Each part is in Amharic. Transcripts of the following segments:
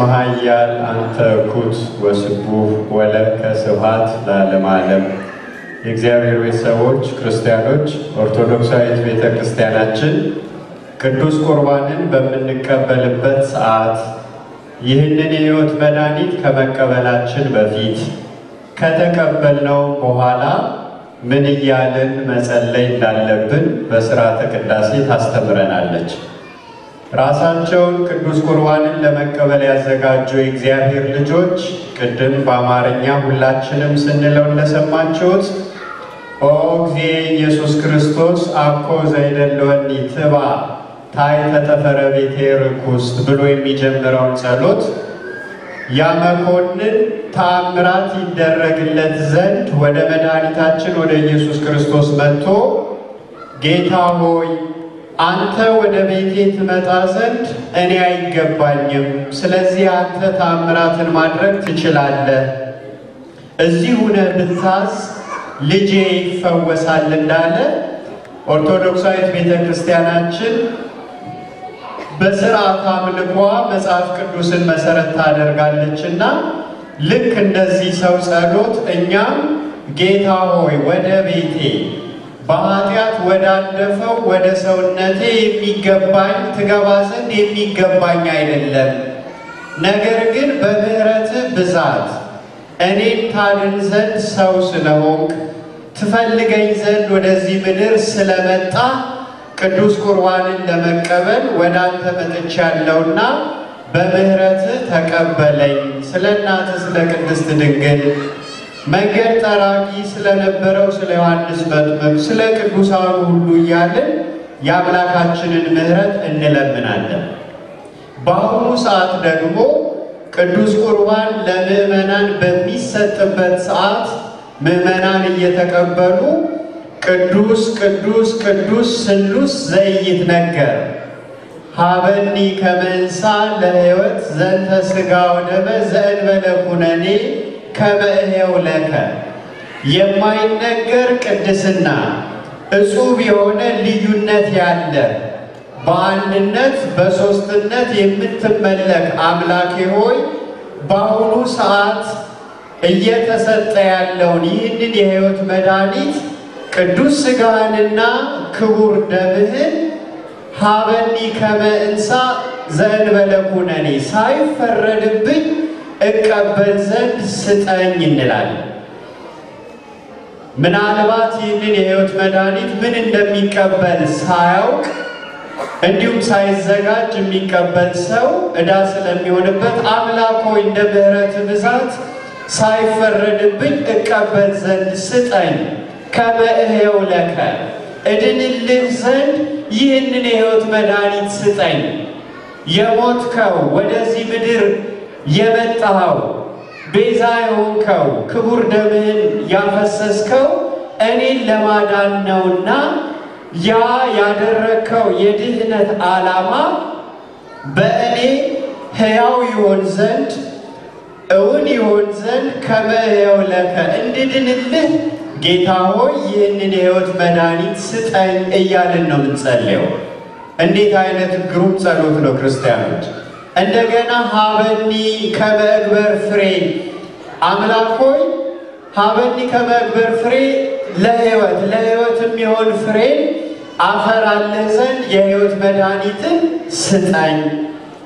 መሀያል አንተ ኩት ወስቡህ ወለከ ስብሐት ለዓለመ ዓለም። የእግዚአብሔር ቤተሰቦች ክርስቲያኖች፣ ኦርቶዶክሳዊት ቤተ ክርስቲያናችን ቅዱስ ቁርባንን በምንቀበልበት ሰዓት ይህንን የሕይወት መድኃኒት ከመቀበላችን በፊት ከተቀበልነው በኋላ ምን እያልን መጸለይ እንዳለብን በስርዓተ ቅዳሴ ታስተምረናለች። ራሳቸውን ቅዱስ ቁርባንን ለመቀበል ያዘጋጁ የእግዚአብሔር ልጆች ቅድም በአማርኛ ሁላችንም ስንለው እንደሰማችሁት ኦ ጊዜ ኢየሱስ ክርስቶስ አኮ ዘይደለወኒ ትባ ታሕተ ጠፈረ ቤቴ ርኩስት ብሎ የሚጀምረውን ጸሎት ያ መኮንን ተአምራት ይደረግለት ዘንድ ወደ መድኃኒታችን ወደ ኢየሱስ ክርስቶስ መጥቶ ጌታ ሆይ አንተ ወደ ቤቴ ትመጣ ዘንድ እኔ አይገባኝም። ስለዚህ አንተ ታምራትን ማድረግ ትችላለህ። እዚህ ሁነ ብታዝ ልጄ ይፈወሳል እንዳለ ኦርቶዶክሳዊት ቤተ ክርስቲያናችን በስርዓት አምልኳ መጽሐፍ ቅዱስን መሰረት ታደርጋለችና ልክ እንደዚህ ሰው ጸሎት እኛም ጌታ ሆይ ወደ ቤቴ በኃጢአት ወዳደፈው ወደ ሰውነቴ የሚገባኝ ትገባ ዘንድ የሚገባኝ አይደለም። ነገር ግን በምህረት ብዛት እኔን ታድን ዘንድ ሰው ስለሆንክ ትፈልገኝ ዘንድ ወደዚህ ምድር ስለመጣ ቅዱስ ቁርባንን ለመቀበል ወደ አንተ መጥቻለሁና በምህረት ተቀበለኝ። ስለ እናትህ ስለ ቅድስት ድንግል መንገድ ጠራጊ ስለነበረው ስለ ዮሐንስ መጥምቅ ስለ ቅዱሳኑ ሁሉ እያለን የአምላካችንን ምሕረት እንለምናለን። በአሁኑ ሰዓት ደግሞ ቅዱስ ቁርባን ለምዕመናን በሚሰጥበት ሰዓት ምዕመናን እየተቀበሉ ቅዱስ ቅዱስ ቅዱስ ስሉስ ነገር ሀበኒ ከመንሳ ለሕይወት ዘንተ ስጋ ወደመ ዘእንበለ ኩነኔ ከበእኔው ለከ የማይነገር ቅድስና እጹብ የሆነ ልዩነት ያለ በአንድነት በሦስትነት የምትመለክ አምላኬ ሆይ በአሁኑ ሰዓት እየተሰጠ ያለውን ይህንን የሕይወት መድኃኒት ቅዱስ ሥጋህንና ክቡር ደምህን ሀበኒ ከመ እንሣ ዘእንበለ ኩነኔ ሳይፈረድብኝ እቀበል ዘንድ ስጠኝ እንላለን። ምናልባት ይህንን የህይወት መድኃኒት ምን እንደሚቀበል ሳያውቅ እንዲሁም ሳይዘጋጅ የሚቀበል ሰው እዳ ስለሚሆንበት አምላክ ሆይ እንደ ምሕረት ብዛት ሳይፈረድብኝ እቀበል ዘንድ ስጠኝ ከመእሄው ለከ እድንልን ዘንድ ይህንን የህይወት መድኃኒት ስጠኝ የሞትከው ወደዚህ ምድር የመጣኸው ቤዛ የሆንከው ክቡር ደምህን ያፈሰስከው እኔን ለማዳን ነውና ያ ያደረግከው የድህነት ዓላማ በእኔ ሕያው ይሆን ዘንድ እውን ይሆን ዘንድ ከመሕያው ለከ እንድድንልህ ጌታ ሆይ ይህንን የሕይወት መድኃኒት ስጠኝ እያልን ነው የምንጸልየው። እንዴት አይነት ግሩም ጸሎት ነው ክርስቲያኖች! እንደገና ሀበኒ ከመግበር ፍሬ አምላክ ሆይ ሀበኒ ከመግበር ፍሬ ለህይወት ለህይወት የሚሆን ፍሬ አፈራልህ ዘንድ የህይወት መድኃኒትን ስጠኝ።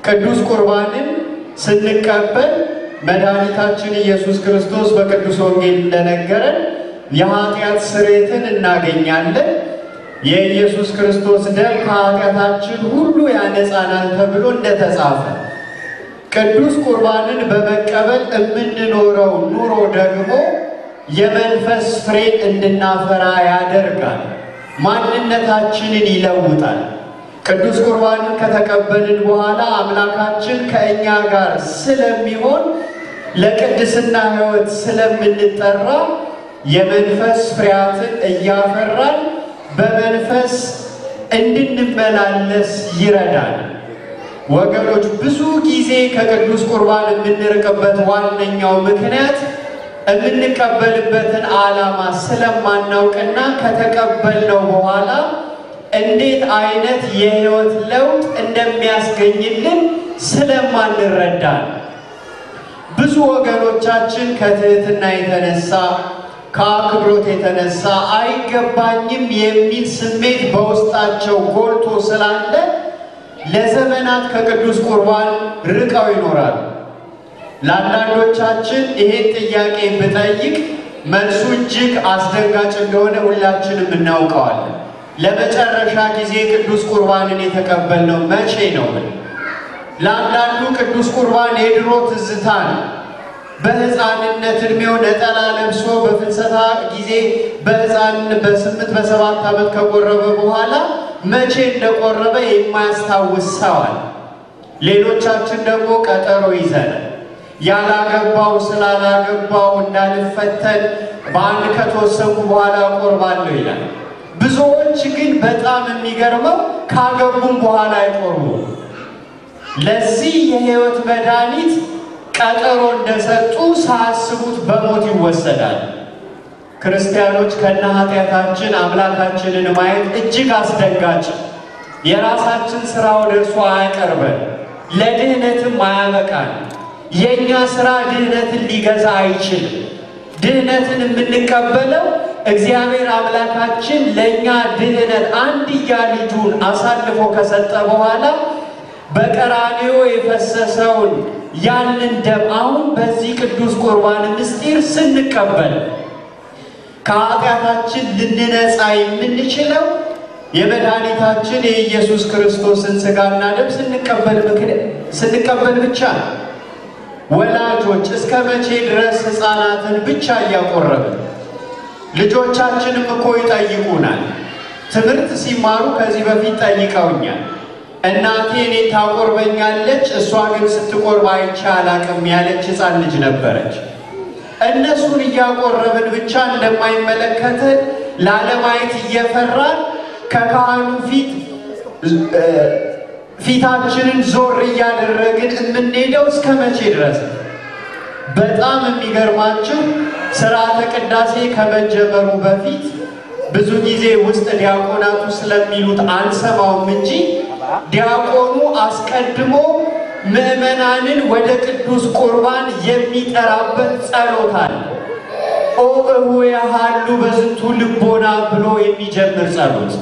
ቅዱስ ቁርባንን ስንቀበል መድኃኒታችን ኢየሱስ ክርስቶስ በቅዱስ ወንጌል እንደነገረን የኃጢአት ስሬትን እናገኛለን። የኢየሱስ ክርስቶስ ደም ከኃጢአታችን ሁሉ ያነጻናል ተብሎ እንደተጻፈ ቅዱስ ቁርባንን በመቀበል የምንኖረው ኑሮ ደግሞ የመንፈስ ፍሬ እንድናፈራ ያደርጋል፣ ማንነታችንን ይለውጣል። ቅዱስ ቁርባንን ከተቀበልን በኋላ አምላካችን ከእኛ ጋር ስለሚሆን ለቅድስና ሕይወት ስለምንጠራ የመንፈስ ፍሬያትን እያፈራል በመንፈስ እንድንመላለስ ይረዳል። ወገኖች ብዙ ጊዜ ከቅዱስ ቁርባን የምንርቅበት ዋነኛው ምክንያት የምንቀበልበትን ዓላማ ስለማናውቅና ከተቀበልነው በኋላ እንዴት አይነት የህይወት ለውጥ እንደሚያስገኝልን ስለማንረዳ ብዙ ወገኖቻችን ከትህትና የተነሳ ከአክብሮት የተነሳ አይገባኝም የሚል ስሜት በውስጣቸው ጎልቶ ስላለ ለዘመናት ከቅዱስ ቁርባን ርቀው ይኖራል። ለአንዳንዶቻችን ይሄን ጥያቄ ብጠይቅ መልሱ እጅግ አስደንጋጭ እንደሆነ ሁላችንም እናውቀዋለን። ለመጨረሻ ጊዜ ቅዱስ ቁርባንን የተቀበልነው መቼ ነው? ለአንዳንዱ ቅዱስ ቁርባን የድሮ ትዝታ ነው። በህፃንነት እድሜው ነጠላ ለብሶ በፍልሰታ ጊዜ በህፃን በስምንት በሰባት ዓመት ከቆረበ በኋላ መቼ እንደቆረበ የማያስታውስ ሰዋል። ሌሎቻችን ደግሞ ቀጠሮ ይዘን ያላገባው ስላላገባው እንዳልፈተን በአንድ ከተወሰንኩ በኋላ ቆርባለሁ ይላል። ብዙዎች ግን በጣም የሚገርመው ካገቡም በኋላ አይቆርቡም። ለዚህ የህይወት መድኃኒት ቀጠሮ እንደሰጡ ሳያስቡት በሞት ይወሰዳል። ክርስቲያኖች ከነ ኃጢአታችን አምላካችንን ማየት እጅግ አስደንጋጭ፣ የራሳችን ሥራ ወደ እርሱ አያቀርበን፣ ለድህነትም አያበቃን። የእኛ ሥራ ድህነትን ሊገዛ አይችልም። ድህነትን የምንቀበለው እግዚአብሔር አምላካችን ለእኛ ድህነት አንድያ ልጁን አሳልፎ ከሰጠ በኋላ በቀራንዮ የፈሰሰውን ያንን ደም አሁን በዚህ ቅዱስ ቁርባን ምስጢር ስንቀበል ከኃጢአታችን ልንነጻ የምንችለው የመድኃኒታችን የኢየሱስ ክርስቶስን ስጋና ደም ስንቀበል ብቻ ነው። ወላጆች እስከ መቼ ድረስ ሕፃናትን ብቻ እያቆረብን? ልጆቻችንም እኮ ይጠይቁናል። ትምህርት ሲማሩ ከዚህ በፊት ጠይቀውኛል። እናቴ እኔን ታቆርበኛለች፣ እሷ ግን ስትቆርብ አይቼ አላቅም ያለች ህፃን ልጅ ነበረች። እነሱን እያቆረብን ብቻ እንደማይመለከትን ላለማየት እየፈራን ከካህኑ ፊት ፊታችንን ዞር እያደረግን የምንሄደው እስከ መቼ ድረስ? በጣም የሚገርማችሁ ስርዓተ ቅዳሴ ከመጀመሩ በፊት ብዙ ጊዜ ውስጥ ዲያቆናቱ ስለሚሉት አንሰማውም እንጂ ዲያቆኑ አስቀድሞ ምእመናንን ወደ ቅዱስ ቁርባን የሚጠራበት ጸሎት አለ። ኦ እውያሃሉ በዝንቱ ልቦና ብሎ የሚጀምር ጸሎት።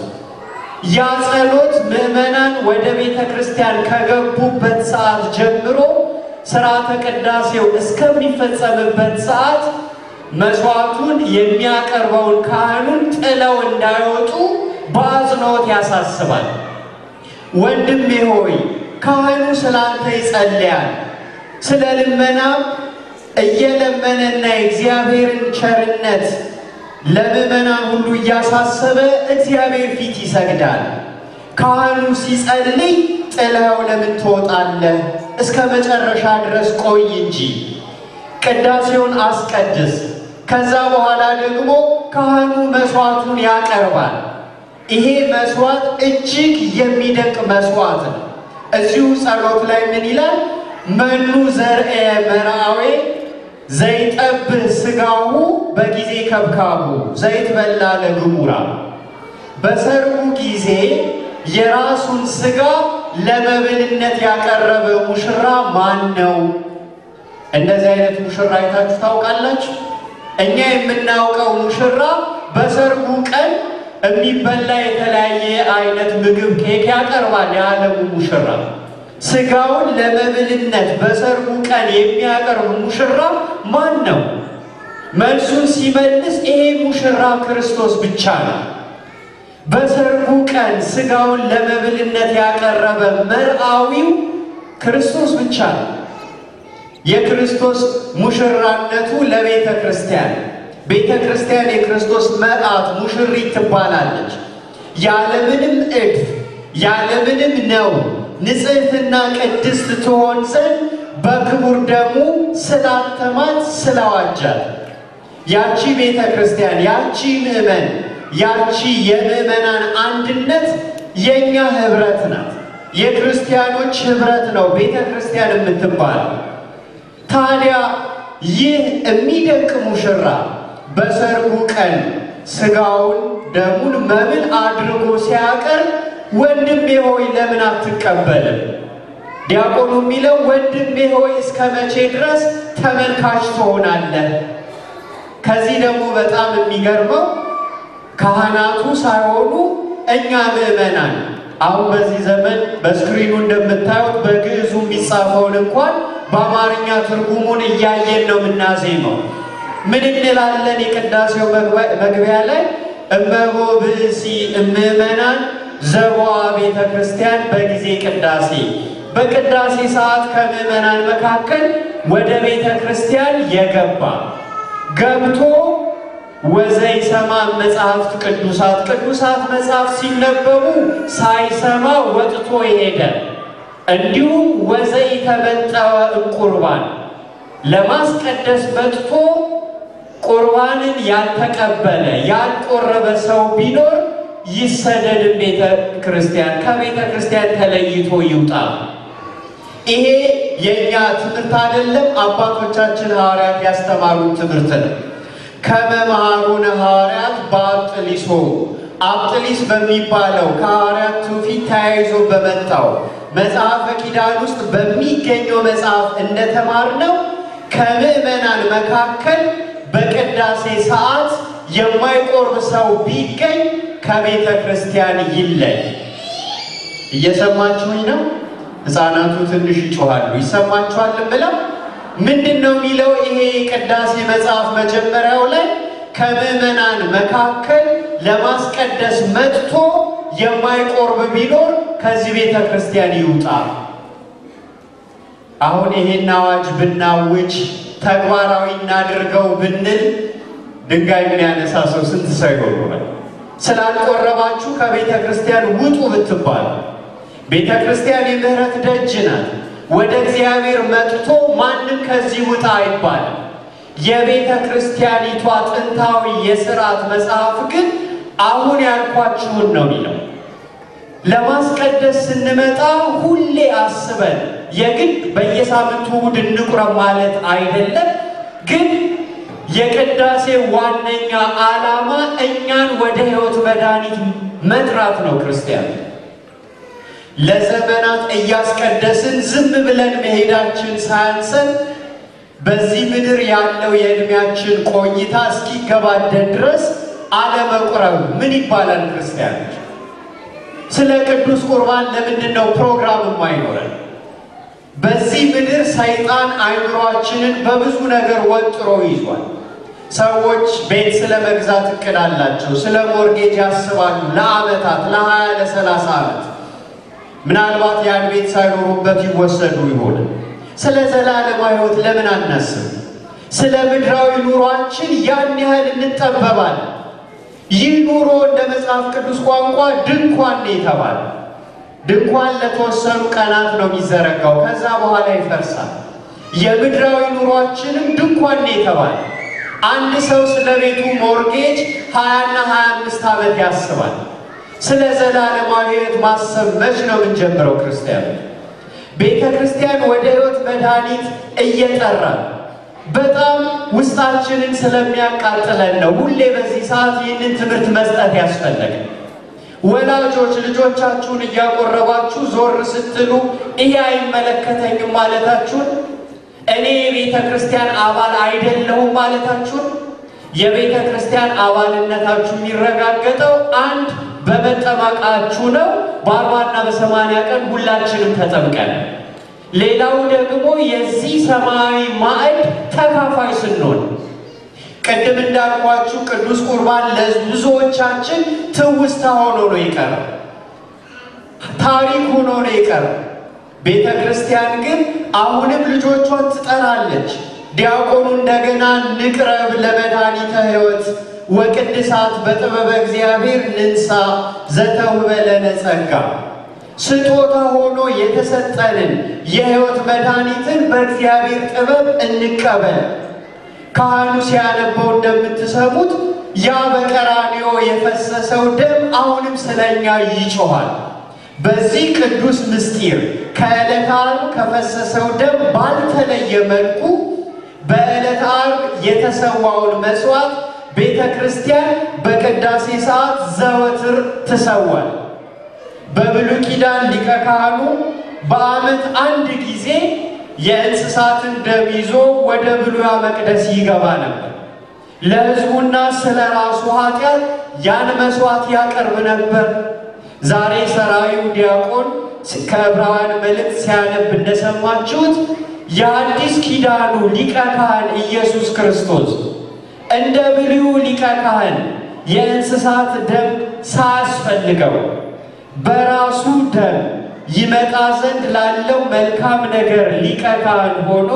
ያ ጸሎት ምእመናን ወደ ቤተ ክርስቲያን ከገቡበት ሰዓት ጀምሮ ስርዓተ ቅዳሴው እስከሚፈጸምበት ሰዓት መስዋዕቱን የሚያቀርበውን ካህኑን ጥለው እንዳይወጡ በአጽንኦት ያሳስባል። ወንድሜ ሆይ ካህኑ ስለ አንተ ይጸልያል። ስለ ልመናም እየለመነና የእግዚአብሔርን ቸርነት ለምእመናን ሁሉ እያሳሰበ እግዚአብሔር ፊት ይሰግዳል። ካህኑ ሲጸልይ ጥለው ለምን ትወጣለህ? እስከ መጨረሻ ድረስ ቆይ እንጂ ቅዳሴውን አስቀድስ። ከዛ በኋላ ደግሞ ካህኑ መስዋዕቱን ያቀርባል። ይሄ መስዋዕት እጅግ የሚደቅ መስዋዕት ነው። እዚሁ ጸሎት ላይ ምን ይላል? መኑ ዘርኤ መርአዌ ዘይጠብህ ስጋሁ በጊዜ ከብካቡ ዘይት በላ ለግሙራ በሰርጉ ጊዜ የራሱን ስጋ ለመብልነት ያቀረበ ሙሽራ ማን ነው? እንደዚህ አይነት ሙሽራ አይታችሁ ታውቃላችሁ? እኛ የምናውቀው ሙሽራ በሰርጉ ቀን የሚበላ የተለያየ አይነት ምግብ ኬክ ያቀርባል። የዓለሙ ሙሽራ ስጋውን ለመብልነት በሰርጉ ቀን የሚያቀርብ ሙሽራ ማን ነው? መልሱን ሲመልስ ይሄ ሙሽራ ክርስቶስ ብቻ ነው። በሰርጉ ቀን ስጋውን ለመብልነት ያቀረበ መርአዊው ክርስቶስ ብቻ ነው። የክርስቶስ ሙሽራነቱ ለቤተ ክርስቲያን ቤተ ክርስቲያን የክርስቶስ መዓት ሙሽሪት ትባላለች። ያለምንም እድፍ ያለምንም ነው ንጽህትና ቅድስት ትሆን ዘንድ በክቡር ደሙ ስላተማት ስላዋጃት ያቺ ቤተ ክርስቲያን ያቺ ምእመን ያቺ የምእመናን አንድነት የእኛ ህብረት ናት። የክርስቲያኖች ህብረት ነው ቤተ ክርስቲያን የምትባል ታዲያ ይህ የሚደንቅ ሙሽራ በሰርጉ ቀን ስጋውን ደሙን መብል አድርጎ ሲያቀርብ ወንድሜ ሆይ ለምን አትቀበልም? ዲያቆኑ የሚለው ወንድሜ ሆይ እስከ መቼ ድረስ ተመልካች ትሆናለህ? ከዚህ ደግሞ በጣም የሚገርመው ካህናቱ ሳይሆኑ እኛ ምዕመናን አሁን በዚህ ዘመን በስክሪኑ እንደምታዩት በግዕዙ የሚጻፈውን እንኳን በአማርኛ ትርጉሙን እያየን ነው የምናዜመው። ምን እንላለን? የቅዳሴው መግቢያ ላይ እመቦ ብእሲ እምእመናን ዘቦአ ቤተ ክርስቲያን በጊዜ ቅዳሴ በቅዳሴ ሰዓት ከምእመናን መካከል ወደ ቤተ ክርስቲያን የገባ ገብቶ ወዘይሰማ መጽሐፍት ቅዱሳት ቅዱሳት መጽሐፍት ሲነበቡ ሳይሰማ ወጥቶ ይሄዳል። እንዲሁም ወዘኢተበጠወ ቁርባን ለማስቀደስ በጥፎ ቁርባንን ያልተቀበለ ያልቆረበ ሰው ቢኖር ይሰደድ፣ ቤተ ክርስቲያን ከቤተ ክርስቲያን ተለይቶ ይውጣ። ይሄ የእኛ ትምህርት አይደለም፣ አባቶቻችን ሐዋርያት ያስተማሩት ትምህርት ነው። ከመምሃሩነ ሐዋርያት በአብጥሊሶ አብጥሊስ በሚባለው ከሐዋርያት ትውፊት ተያይዞ በመጣው መጽሐፈ ኪዳን ውስጥ በሚገኘው መጽሐፍ እንደተማርነው ከምዕመናን መካከል በቅዳሴ ሰዓት የማይቆርብ ሰው ቢገኝ ከቤተ ክርስቲያን ይለይ። እየሰማችሁኝ ነው? ህፃናቱ ትንሽ ይጮኋሉ። ይሰማችኋል ብለው ምንድን ነው የሚለው? ይሄ ቅዳሴ መጽሐፍ መጀመሪያው ላይ ከምዕመናን መካከል ለማስቀደስ መጥቶ የማይቆርብ ቢኖር ከዚህ ቤተ ክርስቲያን ይውጣ። አሁን ይሄን አዋጅ ብናውጅ ተግባራዊ እናድርገው ብንል ድንጋይ የሚያነሳ ሰው ስንት ሰው ስላልቆረባችሁ ከቤተ ክርስቲያን ውጡ ብትባሉ ቤተ ክርስቲያን የምህረት ደጅ ናት። ወደ እግዚአብሔር መጥቶ ማንም ከዚህ ውጣ አይባልም። የቤተ ክርስቲያኒቷ ጥንታዊ የስርዓት መጽሐፍ ግን አሁን ያልኳችሁን ነው የሚለው። ለማስቀደስ ስንመጣ ሁሌ አስበን የግድ በየሳምንቱ እሑድ እንቁረብ ማለት አይደለም። ግን የቅዳሴ ዋነኛ ዓላማ እኛን ወደ ሕይወት መድኃኒት መጥራት ነው። ክርስቲያን ለዘመናት እያስቀደስን ዝም ብለን መሄዳችን ሳያንሰን በዚህ ምድር ያለው የዕድሜያችን ቆይታ እስኪገባደን ድረስ አለመቁረብ ምን ይባላል ክርስቲያኖች? ስለ ቅዱስ ቁርባን ለምንድን ነው ፕሮግራም የማይኖረን? በዚህ ምድር ሰይጣን አእምሯችንን በብዙ ነገር ወጥሮ ይዟል። ሰዎች ቤት ስለ መግዛት እቅድ አላቸው። ስለ ሞርጌጅ ያስባሉ። ለአመታት ለሀያ ለሰላሳ ዓመት ምናልባት ያን ቤት ሳይኖሩበት ይወሰዱ ይሆን። ስለ ዘላለማዊ ሕይወት ለምን አናስብ? ስለ ምድራዊ ኑሯችን ያን ያህል እንጠበባለን። ይህ ኑሮ እንደ መጽሐፍ ቅዱስ ቋንቋ ድንኳን ነው የተባለ። ድንኳን ለተወሰኑ ቀናት ነው የሚዘረጋው፣ ከዛ በኋላ ይፈርሳል። የምድራዊ ኑሯችንም ድንኳን ነው የተባለ። አንድ ሰው ስለ ቤቱ ሞርጌጅ ሀያና ሀያ አምስት ዓመት ያስባል። ስለ ዘላለማዊ ሕይወት ማሰብ መች ነው የምንጀምረው? ክርስቲያን ቤተ ክርስቲያን ወደ ሕይወት መድኃኒት እየጠራ በጣም ውስጣችንን ስለሚያቃጥለን ነው ሁሌ በዚህ ሰዓት ይህንን ትምህርት መስጠት ያስፈለገ። ወላጆች ልጆቻችሁን እያቆረባችሁ ዞር ስትሉ ይሄ አይመለከተኝም ማለታችሁን፣ እኔ የቤተ ክርስቲያን አባል አይደለሁም ማለታችሁን የቤተ ክርስቲያን አባልነታችሁ የሚረጋገጠው አንድ በመጠመቃችሁ ነው። በአርባና በሰማንያ ቀን ሁላችንም ተጠምቀን ሌላው ደግሞ የዚህ ሰማያዊ ማዕድ ተካፋይ ስንሆን ቅድም እንዳልኳችሁ ቅዱስ ቁርባን ለብዙዎቻችን ትውስታ ሆኖ ነው የቀረው፣ ታሪክ ሆኖ ነው የቀረው። ቤተ ክርስቲያን ግን አሁንም ልጆቿን ትጠራለች። ዲያቆኑ እንደገና ንቅረብ ለመድኃኒተ ሕይወት ወቅድሳት በጥበበ እግዚአብሔር ንንሳ ዘተውበለነ ጸጋ ስጦታ ሆኖ የተሰጠንን የሕይወት መድኃኒትን በእግዚአብሔር ጥበብ እንቀበል። ካህኑ ሲያነበው እንደምትሰሙት ያ በቀራንዮ የፈሰሰው ደም አሁንም ስለኛ ይጮኋል። በዚህ ቅዱስ ምስጢር ከዕለተ ዓርብ ከፈሰሰው ደም ባልተለየ መልኩ በዕለተ ዓርብ የተሰዋውን መሥዋዕት ቤተ ክርስቲያን በቅዳሴ ሰዓት ዘወትር ትሰዋል። በብሉይ ኪዳን ሊቀ ካህኑ በዓመት አንድ ጊዜ የእንስሳትን ደም ይዞ ወደ ብሉያ መቅደስ ይገባ ነበር። ለሕዝቡና ስለ ራሱ ኃጢአት ያን መስዋዕት ያቀርብ ነበር። ዛሬ ሰራዊው ዲያቆን ከዕብራውያን መልእክት ሲያነብ እንደሰማችሁት የአዲስ ኪዳኑ ሊቀ ካህን ኢየሱስ ክርስቶስ እንደ ብሉዩ ሊቀ ካህን የእንስሳት ደም ሳያስፈልገው በራሱ ደም ይመጣ ዘንድ ላለው መልካም ነገር ሊቀ ካህን ሆኖ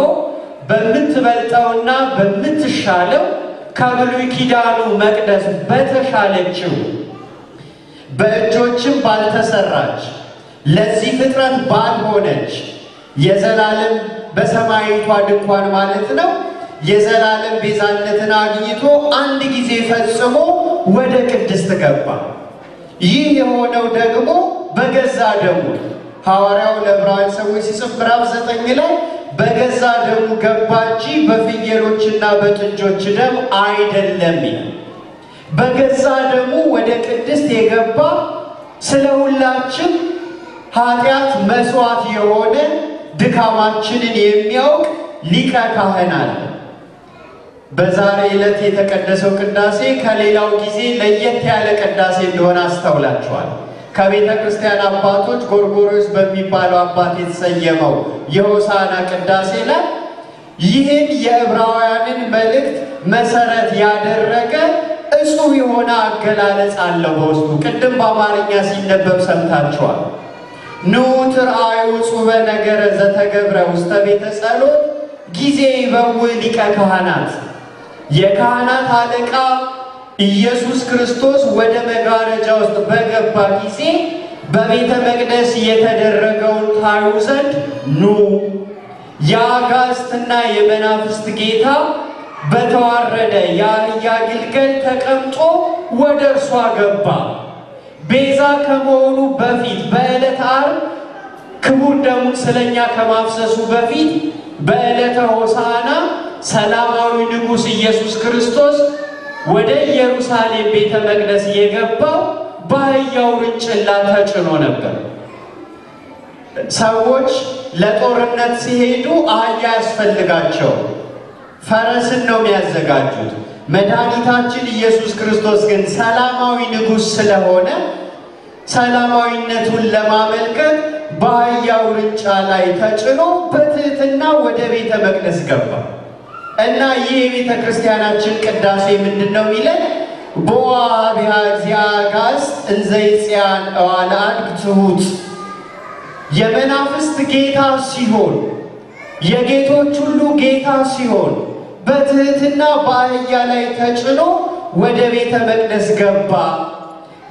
በምትበልጠውና በምትሻለው ከብሉይ ኪዳኑ መቅደስ በተሻለችው በእጆችም ባልተሰራች ለዚህ ፍጥረት ባልሆነች የዘላለም በሰማይቷ ድንኳን ማለት ነው የዘላለም ቤዛነትን አግኝቶ አንድ ጊዜ ፈጽሞ ወደ ቅድስት ገባ። ይህ የሆነው ደግሞ በገዛ ደሙ ሐዋርያው ለዕብራውያን ሰዎች ሲጽፍ ምዕራፍ ዘጠኝ ላይ በገዛ ደሙ ገባ እንጂ በፍየሎችና በጥጆች ደም አይደለም በገዛ ደሙ ወደ ቅድስት የገባ ስለ ሁላችን ኃጢአት መስዋዕት የሆነ ድካማችንን የሚያውቅ ሊቀ ካህን አለ። በዛሬ ዕለት የተቀደሰው ቅዳሴ ከሌላው ጊዜ ለየት ያለ ቅዳሴ እንደሆነ አስተውላችኋል። ከቤተ ክርስቲያን አባቶች ጎርጎሮስ በሚባለው አባት የተሰየመው የሆሳና ቅዳሴ ላይ ይህን የዕብራውያንን መልእክት መሰረት ያደረገ እጹብ የሆነ አገላለጽ አለው በውስጡ። ቅድም በአማርኛ ሲነበብ ሰምታችኋል። ንዑ አዩ ጹበ ነገረ ዘተገብረ ውስተ ቤተ ጸሎት ጊዜ በው ሊቀ ካህናት የካህናት አለቃ ኢየሱስ ክርስቶስ ወደ መጋረጃ ውስጥ በገባ ጊዜ በቤተ መቅደስ የተደረገውን ታዩ ዘንድ ኑ። የአጋስትና የመናፍስት ጌታ በተዋረደ የአህያ ግልገል ተቀምጦ ወደ እርሷ ገባ። ቤዛ ከመሆኑ በፊት በዕለተ ዓርብ ክቡር ደሙን ስለኛ ከማፍሰሱ በፊት በዕለተ ሆሳና ሰላማዊ ንጉሥ ኢየሱስ ክርስቶስ ወደ ኢየሩሳሌም ቤተ መቅደስ የገባው በአህያው ውርንጭላ ተጭኖ ነበር። ሰዎች ለጦርነት ሲሄዱ አህያ ያስፈልጋቸው፣ ፈረስን ነው የሚያዘጋጁት። መድኃኒታችን ኢየሱስ ክርስቶስ ግን ሰላማዊ ንጉሥ ስለሆነ ሰላማዊነቱን ለማመልከት በአህያ ውርንጫ ላይ ተጭኖ በትህትና ወደ ቤተ መቅደስ ገባ። እና ይህ የቤተ ክርስቲያናችን ቅዳሴ ምንድን ነው የሚለን? በዋቢያ ዚያጋስ እንዘይጽያን እዋላድ ትሁት የመናፍስት ጌታ ሲሆን የጌቶች ሁሉ ጌታ ሲሆን በትህትና በአህያ ላይ ተጭኖ ወደ ቤተ መቅደስ ገባ።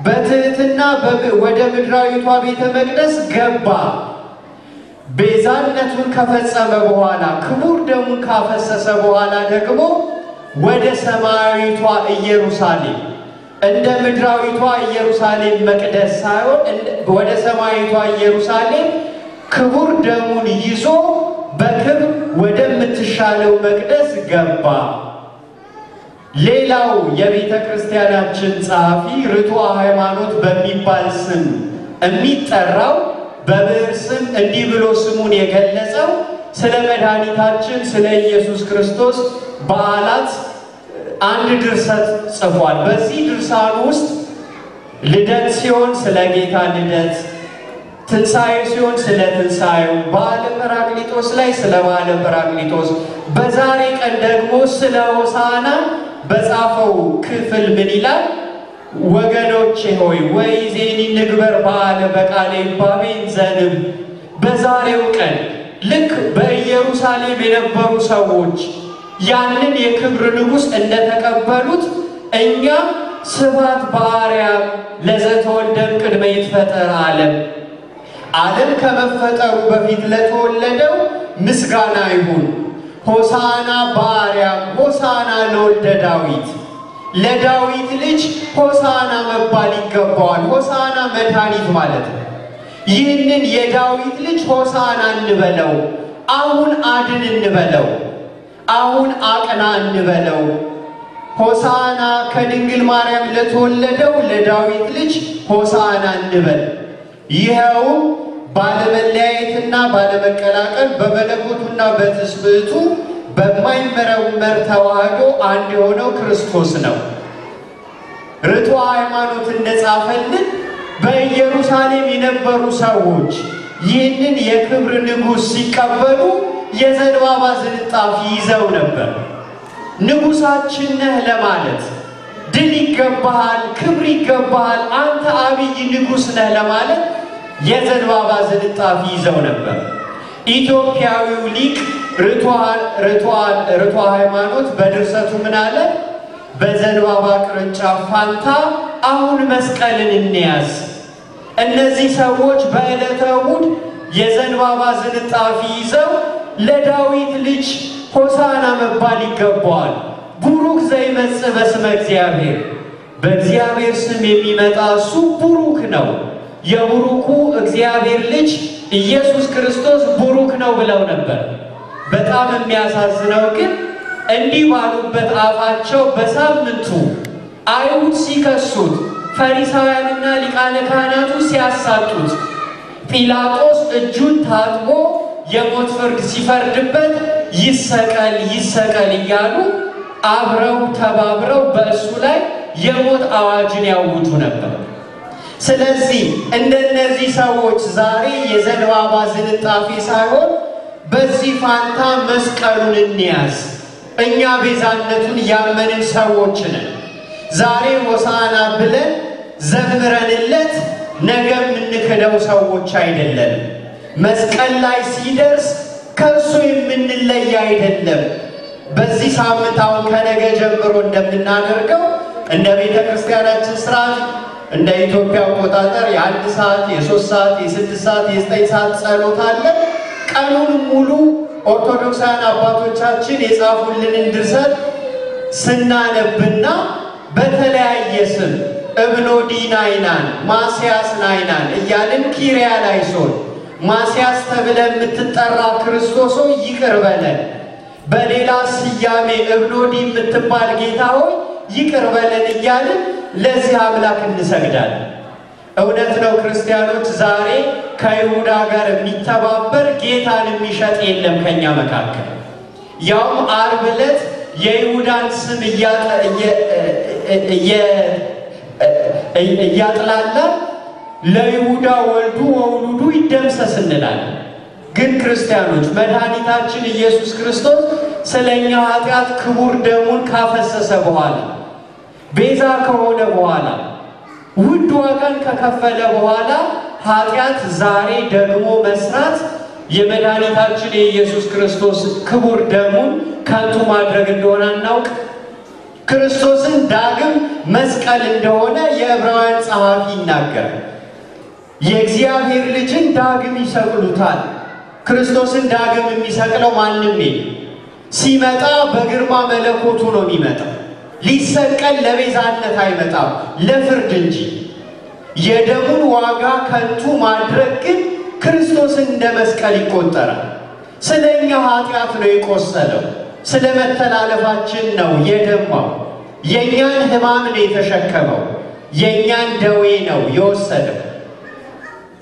በትህትና ወደ ምድራዊቷ ቤተ መቅደስ ገባ። ቤዛነቱን ከፈጸመ በኋላ ክቡር ደሙን ካፈሰሰ በኋላ ደግሞ ወደ ሰማያዊቷ ኢየሩሳሌም እንደ ምድራዊቷ ኢየሩሳሌም መቅደስ ሳይሆን ወደ ሰማያዊቷ ኢየሩሳሌም ክቡር ደሙን ይዞ በክብር ወደምትሻለው መቅደስ ገባ። ሌላው የቤተ ክርስቲያናችን ጸሐፊ ርቱዐ ሃይማኖት በሚባል ስም የሚጠራው በብዕር ስም እንዲህ ብሎ ስሙን የገለጸው ስለ መድኃኒታችን ስለ ኢየሱስ ክርስቶስ በዓላት አንድ ድርሰት ጽፏል። በዚህ ድርሳን ውስጥ ልደት ሲሆን ስለ ጌታ ልደት፣ ትንሣኤ ሲሆን ስለ ትንሣኤው፣ በዓለ ጰራቅሊጦስ ላይ ስለ በዓለ ጰራቅሊጦስ፣ በዛሬ ቀን ደግሞ ስለ ሆሳዕና በጻፈው ክፍል ምን ይላል? ወገኖቼ ሆይ ወይዜኒ ንግበር በዓለ በቃሌ ባቤን ዘንብ። በዛሬው ቀን ልክ በኢየሩሳሌም የነበሩ ሰዎች ያንን የክብር ንጉሥ እንደተቀበሉት እኛም ስባት በአርያም ለዘተወደም ቅድመ ይትፈጠር ዓለም ዓለም ከመፈጠሩ በፊት ለተወለደው ምስጋና ይሁን። ሆሳና በአርያም ሆሳና ለወልደ ዳዊት ለዳዊት ልጅ ሆሳና መባል ይገባዋል። ሆሳና መድኃኒት ማለት ነው። ይህንን የዳዊት ልጅ ሆሳና እንበለው፣ አሁን አድን እንበለው፣ አሁን አቅና እንበለው። ሆሳና ከድንግል ማርያም ለተወለደው ለዳዊት ልጅ ሆሳና እንበል። ይኸው ባለመለያየትና ባለመቀላቀል በመለኮቱና በትስብእቱ በማይመረመር ተዋህዶ አንድ የሆነው ክርስቶስ ነው። ርቶ ሃይማኖት እንደጻፈልን በኢየሩሳሌም የነበሩ ሰዎች ይህንን የክብር ንጉሥ ሲቀበሉ የዘንባባ ዝንጣፊ ይዘው ነበር። ንጉሳችን ነህ ለማለት ድል ይገባሃል፣ ክብር ይገባሃል፣ አንተ አብይ ንጉሥ ነህ ለማለት የዘንባባ ዝንጣፊ ይዘው ነበር። ኢትዮጵያዊው ሊቅ ርቷ ሃይማኖት በድርሰቱ ምን አለ? በዘንባባ ቅርንጫፍ ፋንታ አሁን መስቀልን እንያዝ። እነዚህ ሰዎች በዕለተ እሑድ የዘንባባ ዝንጣፊ ይዘው ለዳዊት ልጅ ሆሳና መባል ይገባዋል። ቡሩክ ዘይመጽእ በስመ እግዚአብሔር፣ በእግዚአብሔር ስም የሚመጣ እሱ ቡሩክ ነው። የቡሩኩ እግዚአብሔር ልጅ ኢየሱስ ክርስቶስ ቡሩክ ነው ብለው ነበር። በጣም የሚያሳዝነው ግን እንዲህ ባሉበት አፋቸው በሳምንቱ አይሁድ ሲከሱት፣ ፈሪሳውያንና ሊቃነ ካህናቱ ሲያሳጡት፣ ጲላጦስ እጁን ታጥቦ የሞት ፍርድ ሲፈርድበት ይሰቀል ይሰቀል እያሉ አብረው ተባብረው በእሱ ላይ የሞት አዋጅን ያውጁ ነበር። ስለዚህ እንደነዚህ ሰዎች ዛሬ የዘንባባ ዝንጣፊ ሳይሆን በዚህ ፋንታ መስቀሉን እንያዝ። እኛ ቤዛነቱን ያመንን ሰዎች ነን። ዛሬ ሆሳዕና ብለን ዘምረንለት ነገ የምንክደው ሰዎች አይደለንም። መስቀል ላይ ሲደርስ ከእሱ የምንለይ አይደለም። በዚህ ሳምንት አሁን ከነገ ጀምሮ እንደምናደርገው እንደ ቤተ ክርስቲያናችን ስርዓት እንደ ኢትዮጵያ አቆጣጠር የአንድ ሰዓት፣ የሶስት ሰዓት፣ የስድስት ሰዓት፣ የዘጠኝ ሰዓት ጸሎት አለ። ቀኑን ሙሉ ኦርቶዶክሳውያን አባቶቻችን የጻፉልንን ድርሰት ስናነብና በተለያየ ስም እብኖዲ ናይናን ማስያስ ናይናን እያልን ኪሪያ ላይ ሶን ማስያስ ተብለ የምትጠራ ክርስቶስ ሆይ ይቅር በለን፣ በሌላ ስያሜ እብኖዲ የምትባል ጌታ ሆይ ይቅር በለን እያልን ለዚህ አምላክ እንሰግዳለን። እውነት ነው ክርስቲያኖች፣ ዛሬ ከይሁዳ ጋር የሚተባበር ጌታን የሚሸጥ የለም ከእኛ መካከል። ያውም አርብ ዕለት የይሁዳን ስም እያጥላላ ለይሁዳ ወልዱ ወውሉዱ ይደምሰስ እንላለን። ግን ክርስቲያኖች መድኃኒታችን ኢየሱስ ክርስቶስ ስለ እኛ ኃጢአት ክቡር ደሙን ካፈሰሰ በኋላ ቤዛ ከሆነ በኋላ ውድ ዋጋን ከከፈለ በኋላ ኃጢአት ዛሬ ደግሞ መስራት የመድኃኒታችን የኢየሱስ ክርስቶስ ክቡር ደሙን ከንቱ ማድረግ እንደሆነ እናውቅ። ክርስቶስን ዳግም መስቀል እንደሆነ የዕብራውያን ጸሐፊ ይናገራል። የእግዚአብሔር ልጅን ዳግም ይሰቅሉታል። ክርስቶስን ዳግም የሚሰቅለው ማንም የለም። ሲመጣ በግርማ መለኮቱ ነው የሚመጣው። ሊሰቀል ለቤዛነት አይመጣም፣ ለፍርድ እንጂ። የደሙን ዋጋ ከንቱ ማድረግ ግን ክርስቶስን እንደ መስቀል ይቆጠራል። ስለ እኛ ኃጢአት ነው የቆሰለው፣ ስለ መተላለፋችን ነው የደማው። የእኛን ሕማም ነው የተሸከመው፣ የእኛን ደዌ ነው የወሰደው።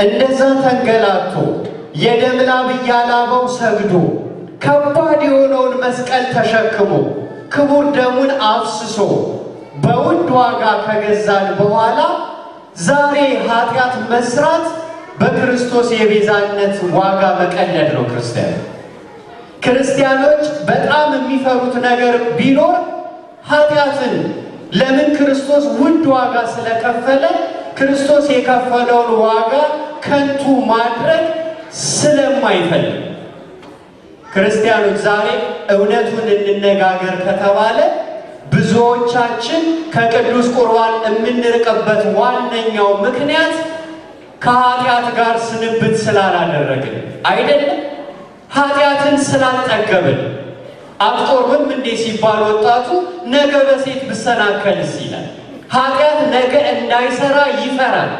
እንደዛ ተንገላቶ የደም ላብ እያላበው ሰግዶ ከባድ የሆነውን መስቀል ተሸክሞ ክቡር ደሙን አፍስሶ በውድ ዋጋ ከገዛን በኋላ ዛሬ ኃጢአት መስራት በክርስቶስ የቤዛነት ዋጋ መቀለድ ነው። ክርስቲያን ክርስቲያኖች በጣም የሚፈሩት ነገር ቢኖር ኃጢአትን ለምን ክርስቶስ ውድ ዋጋ ስለከፈለ ክርስቶስ የከፈለውን ዋጋ ከንቱ ማድረግ ስለማይፈልግ ክርስቲያኖች ዛሬ እውነቱን እንነጋገር ከተባለ ብዙዎቻችን ከቅዱስ ቁርባን የምንርቅበት ዋነኛው ምክንያት ከኃጢአት ጋር ስንብት ስላላደረግን አይደለም፣ ኃጢአትን ስላልጠገብን። አትቆርብም እንዴ ሲባል ወጣቱ ነገ በሴት ብሰናከልስ ይላል። ኃጢአት ነገ እንዳይሰራ ይፈራል።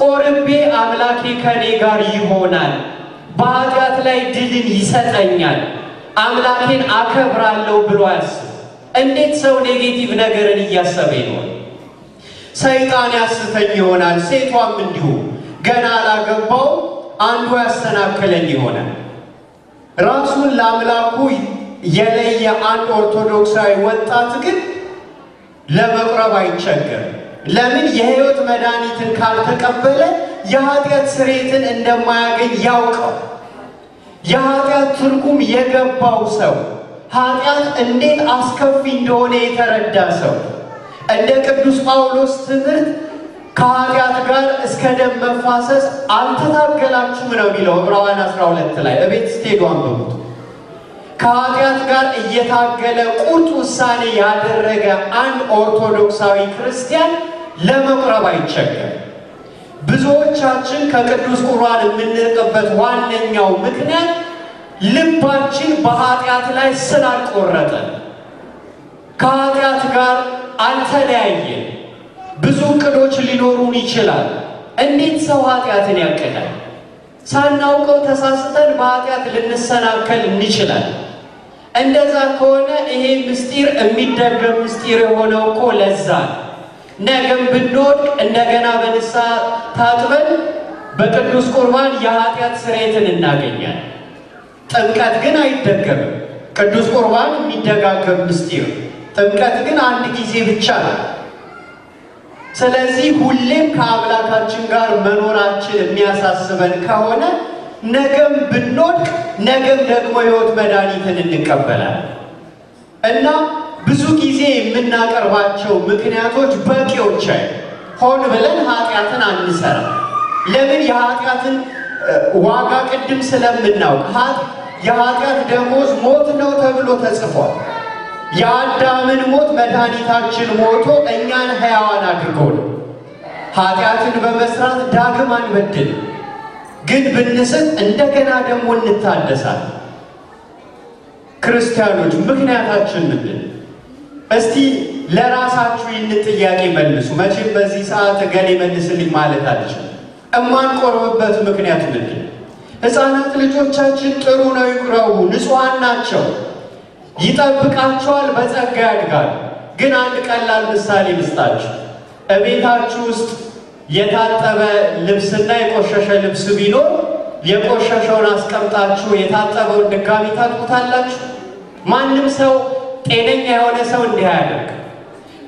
ቆርቤ አምላኬ ከኔ ጋር ይሆናል፣ በኃጢአት ላይ ድልን ይሰጠኛል፣ አምላኬን አከብራለሁ ብሎ አያስብ። እንዴት ሰው ኔጌቲቭ ነገርን እያሰበ ይሆን? ሰይጣን ያስተኝ ይሆናል። ሴቷም እንዲሁ ገና አላገባው አንዱ ያሰናክለን ይሆናል። ራሱን ለአምላኩ የለየ አንድ ኦርቶዶክሳዊ ወጣት ግን ለመቁረብ አይቸገርም። ለምን የህይወት መድኃኒትን ካልተቀበለ የኃጢአት ስሬትን እንደማያገኝ ያውቀው። የኃጢአት ትርጉም የገባው ሰው ኃጢአት እንዴት አስከፊ እንደሆነ የተረዳ ሰው እንደ ቅዱስ ጳውሎስ ትምህርት ከኃጢአት ጋር እስከ ደም መፋሰስ አልተታገላችሁም ነው የሚለው ዕብራውያን 12 ላይ። እቤት ስትሄዱ አንብቡት። ከኃጢአት ጋር እየታገለ ቁርጥ ውሳኔ ያደረገ አንድ ኦርቶዶክሳዊ ክርስቲያን ለመቁረብ አይቸገር። ብዙዎቻችን ከቅዱስ ቁርባን የምንርቅበት ዋነኛው ምክንያት ልባችን በኃጢአት ላይ ስላልቆረጠ ከኃጢአት ጋር አልተለያየም። ብዙ እቅዶች ሊኖሩን ይችላል። እንዴት ሰው ኃጢአትን ያቅዳል? ሳናውቀው ተሳስተን በኃጢአት ልንሰናከል እንችላል። እንደዛ ከሆነ ይሄ ምስጢር የሚደገም ምስጢር የሆነው እኮ ለዛ ነው። ነገም ብንወድቅ እንደገና በንስሐ ታጥበን በቅዱስ ቁርባን የኃጢአት ስርየትን እናገኛለን። ጥምቀት ግን አይደገምም። ቅዱስ ቁርባን የሚደጋገም ምስጢር፣ ጥምቀት ግን አንድ ጊዜ ብቻ ነው። ስለዚህ ሁሌም ከአምላካችን ጋር መኖራችን የሚያሳስበን ከሆነ ነገም ብንወድቅ ነገም ደግሞ ሕይወት መድኃኒትን እንቀበላለን እና ብዙ ጊዜ የምናቀርባቸው ምክንያቶች በቂዎች አይ ሆን ብለን ኃጢአትን አንሰራ። ለምን? የኃጢአትን ዋጋ ቅድም ስለምናውቅ የኃጢአት ደሞዝ ሞት ነው ተብሎ ተጽፏል። የአዳምን ሞት መድኃኒታችን ሞቶ እኛን ሕያዋን አድርጎ ነው። ኃጢአትን በመስራት ዳግም አንበድል፣ ግን ብንስት እንደገና ደግሞ እንታደሳል። ክርስቲያኖች ምክንያታችን ምንድን እስቲ ለራሳችሁ ይህን ጥያቄ መልሱ። መቼም በዚህ ሰዓት እገሌ መልስልኝ ማለት አልችል። እማንቆርብበት ምክንያት ምንድን ነው? ልጆቻችን ጥሩ ነው ይቁረቡ፣ ንጹሐን ናቸው፣ ይጠብቃቸዋል፣ በጸጋ ያድጋል። ግን አንድ ቀላል ምሳሌ ልስጣችሁ። እቤታችሁ ውስጥ የታጠበ ልብስና የቆሸሸ ልብስ ቢኖር የቆሸሸውን አስቀምጣችሁ የታጠበውን ድጋሚ ታጥቦታላችሁ? ማንም ሰው ጤነኛ የሆነ ሰው እንዲህ አያደርግ።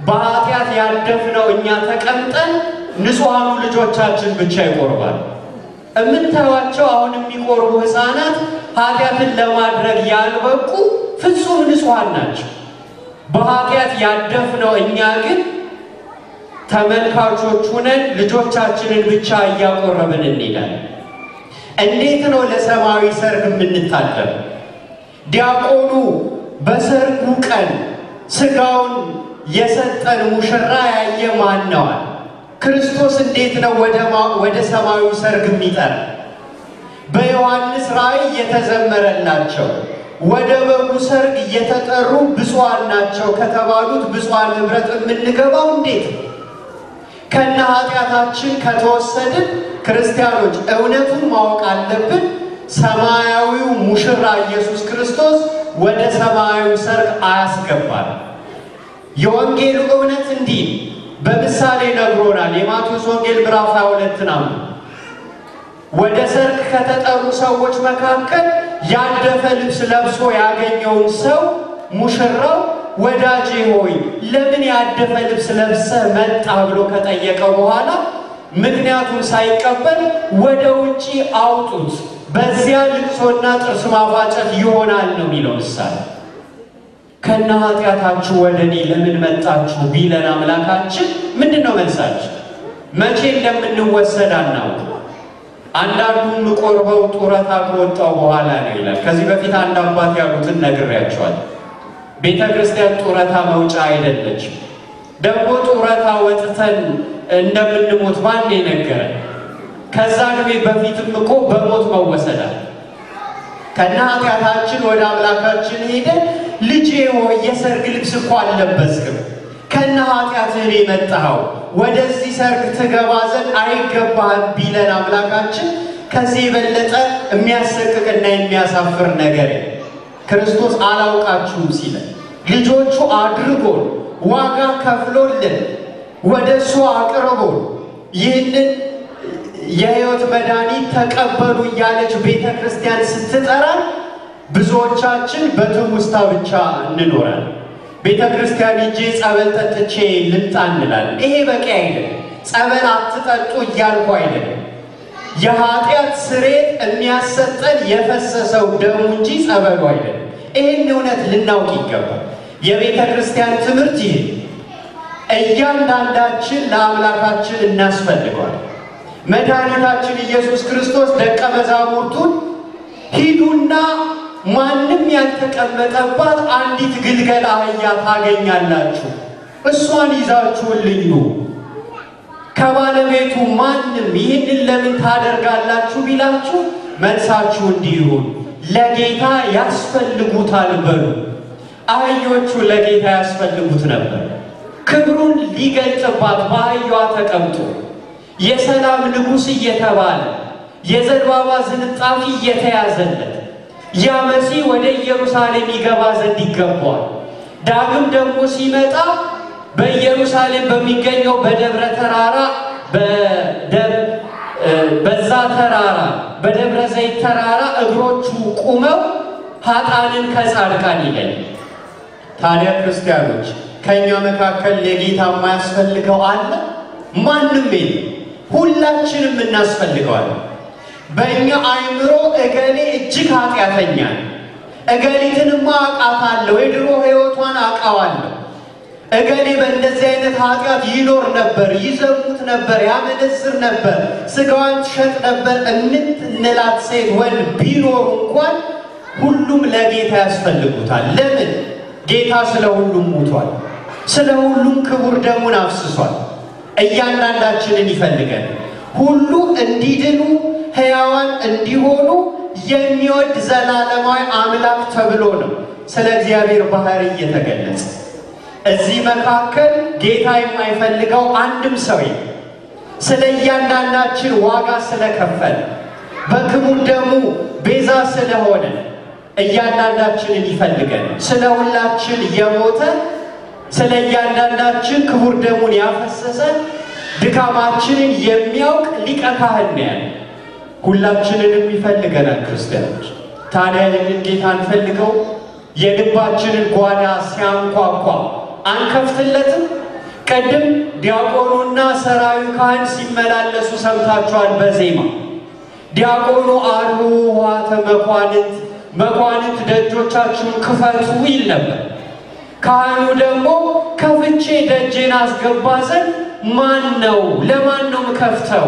በኃጢአት ያደፍነው እኛ ተቀምጠን ንጹሐኑ ልጆቻችን ብቻ ይቆርባል። እምታዩቸው አሁን የሚቆርቡ ህፃናት ኃጢአትን ለማድረግ ያልበቁ ፍጹም ንጹሐን ናቸው። በኃጢአት ያደፍነው እኛ ግን ተመልካቾች ሁነን ልጆቻችንን ብቻ እያቆረብን እንሄዳለን። እንዴት ነው ለሰማያዊ ሰርግ የምንታደም? ዲያቆኑ በሰርጉ ቀን ስጋውን የሰጠን ሙሽራ ያየ ማን ነዋል! ክርስቶስ እንዴት ነው ወደ ሰማዩ ሰርግ የሚጠር? በዮሐንስ ራእይ የተዘመረላቸው! ወደ በጉ ሰርግ እየተጠሩ ብፁዓን ናቸው ከተባሉት ብፁዓን ኅብረት የምንገባው እንዴት ነው? ከነ ኃጢአታችን ከተወሰድን ክርስቲያኖች እውነቱን ማወቅ አለብን። ሰማያዊው ሙሽራ ኢየሱስ ክርስቶስ ወደ ሰብአዊ ሰርግ አያስገባል። የወንጌሉ እውነት እንዲህ በምሳሌ ነግሮናል። የማቴዎስ ወንጌል ምዕራፍ 22 ነው። ወደ ሰርግ ከተጠሩ ሰዎች መካከል ያደፈ ልብስ ለብሶ ያገኘውን ሰው ሙሽራው ወዳጄ ሆይ ለምን ያደፈ ልብስ ለብሰህ መጣ ብሎ ከጠየቀው በኋላ ምክንያቱን ሳይቀበል ወደ ውጪ አውጡት በዚያ ልቅሶና ጥርስ ማፋጨት ይሆናል ነው የሚለው ምሳሌ። ከነ ኃጢአታችሁ ወደ እኔ ለምን መጣችሁ ቢለን አምላካችን ምንድን ነው መልሳችን? መቼ እንደምንወሰድ አናውቅ። አንዳንዱ ቆርበው ጡረታ ከወጣው በኋላ ነው ይላል። ከዚህ በፊት አንድ አባት ያሉትን ነግሬያቸዋል። ቤተ ክርስቲያን ጡረታ መውጫ አይደለችም። ደግሞ ጡረታ ወጥተን እንደምንሞት ማን ነገረን? ከዛ እድሜ በፊትም እኮ በሞት መወሰዳል ከና ኃጢአታችን ወደ አምላካችን ሄደ። ልጄ ሆይ የሰርግ ልብስ እኮ አልለበስክም፣ ከና ኃጢአትህን የመጣኸው ወደዚህ ሰርግ ትገባ ዘንድ አይገባህም ቢለን አምላካችን ከዚህ የበለጠ የሚያሰቅቅና የሚያሳፍር ነገር ክርስቶስ አላውቃችሁም ሲለን ልጆቹ አድርጎን ዋጋ ከፍሎልን ወደ እሱ አቅርቦን ይህንን የህይወት መድኃኒት ተቀበሉ እያለች ቤተ ክርስቲያን ስትጠራ ብዙዎቻችን በትውስታ ብቻ እንኖራለን። ቤተ ክርስቲያን እጄ ጸበል ጠጥቼ ልምጣ እንላለን። ይሄ በቂ አይደለም። ጸበል አትጠጡ እያልኩ አይደለም። የኃጢአት ስሬት የሚያሰጠን የፈሰሰው ደሙ እንጂ ጸበሉ አይደለም። ይህን እውነት ልናውቅ ይገባል። የቤተ ክርስቲያን ትምህርት ይህ እያንዳንዳችን ለአምላካችን እናስፈልገዋል። መድኃኒታችን ኢየሱስ ክርስቶስ ደቀ መዛሙርቱን ሂዱና ማንም ያልተቀመጠባት አንዲት ግልገል አህያ ታገኛላችሁ፣ እሷን ይዛችሁልኝ ነው። ከባለቤቱ ማንም ይህንን ለምን ታደርጋላችሁ ቢላችሁ መልሳችሁ እንዲሆን ለጌታ ያስፈልጉታል በሉ። አህዮቹ ለጌታ ያስፈልጉት ነበር። ክብሩን ሊገልጽባት በአህያዋ ተቀምጦ የሰላም ንጉሥ እየተባለ የዘንባባ ዝንጣፊ እየተያዘለት ያ መሲህ ወደ ኢየሩሳሌም ይገባ ዘንድ ይገባዋል። ዳግም ደግሞ ሲመጣ በኢየሩሳሌም በሚገኘው በደብረ ተራራ በዛ ተራራ በደብረ ዘይት ተራራ እግሮቹ ቁመው ኃጥአንን ከጻድቃን ይለይ። ታዲያ ክርስቲያኖች ከእኛ መካከል ለጌታ የማያስፈልገው አለ? ማንም የለም። ሁላችንም እናስፈልገዋል። በእኛ አይምሮ እገሌ እጅግ ኃጢአተኛል፣ ነው፣ እገሊትንማ አውቃታለሁ፣ የድሮ ሕይወቷን አቃዋለሁ፣ እገሌ በእንደዚህ አይነት ኃጢአት ይኖር ነበር፣ ይዘሙት ነበር፣ ያመነዝር ነበር፣ ስጋዋን ትሸጥ ነበር እምትንላት ሴት ወንድ ቢኖር እንኳን ሁሉም ለጌታ ያስፈልጉታል። ለምን? ጌታ ስለ ሁሉም ሞቷል፣ ስለ ሁሉም ክቡር ደሙን አፍስሷል። እያንዳንዳችንን ይፈልገን። ሁሉ እንዲድኑ ሕያዋን እንዲሆኑ የሚወድ ዘላለማዊ አምላክ ተብሎ ነው ስለ እግዚአብሔር ባህሪ እየተገለጸ። እዚህ መካከል ጌታ የማይፈልገው አንድም ሰው ስለ እያንዳንዳችን ዋጋ ስለከፈለ በክቡር ደሙ ቤዛ ስለሆነ እያንዳንዳችንን ይፈልገን። ስለ ሁላችን የሞተ ስለ እያንዳንዳችን ክቡር ደሙን ያፈሰሰ ድካማችንን የሚያውቅ ሊቀ ካህን ነው ያለ። ሁላችንንም ይፈልገናል ክርስቲያኖች። ታዲያ ይህን ጌታ እንፈልገው? የልባችንን ጓዳ ሲያንኳኳ አንከፍትለትም? ቅድም ዲያቆኑና ሰራዊ ካህን ሲመላለሱ ሰምታችኋል። በዜማ ዲያቆኑ አሉ ውኃተ መኳንንት፣ መኳንንት ደጆቻችሁን ክፈቱ ይል ነበር። ካህኑ ደግሞ ከፍቼ ደጄን አስገባ ዘንድ ማን ነው? ለማን ነው ምከፍተው?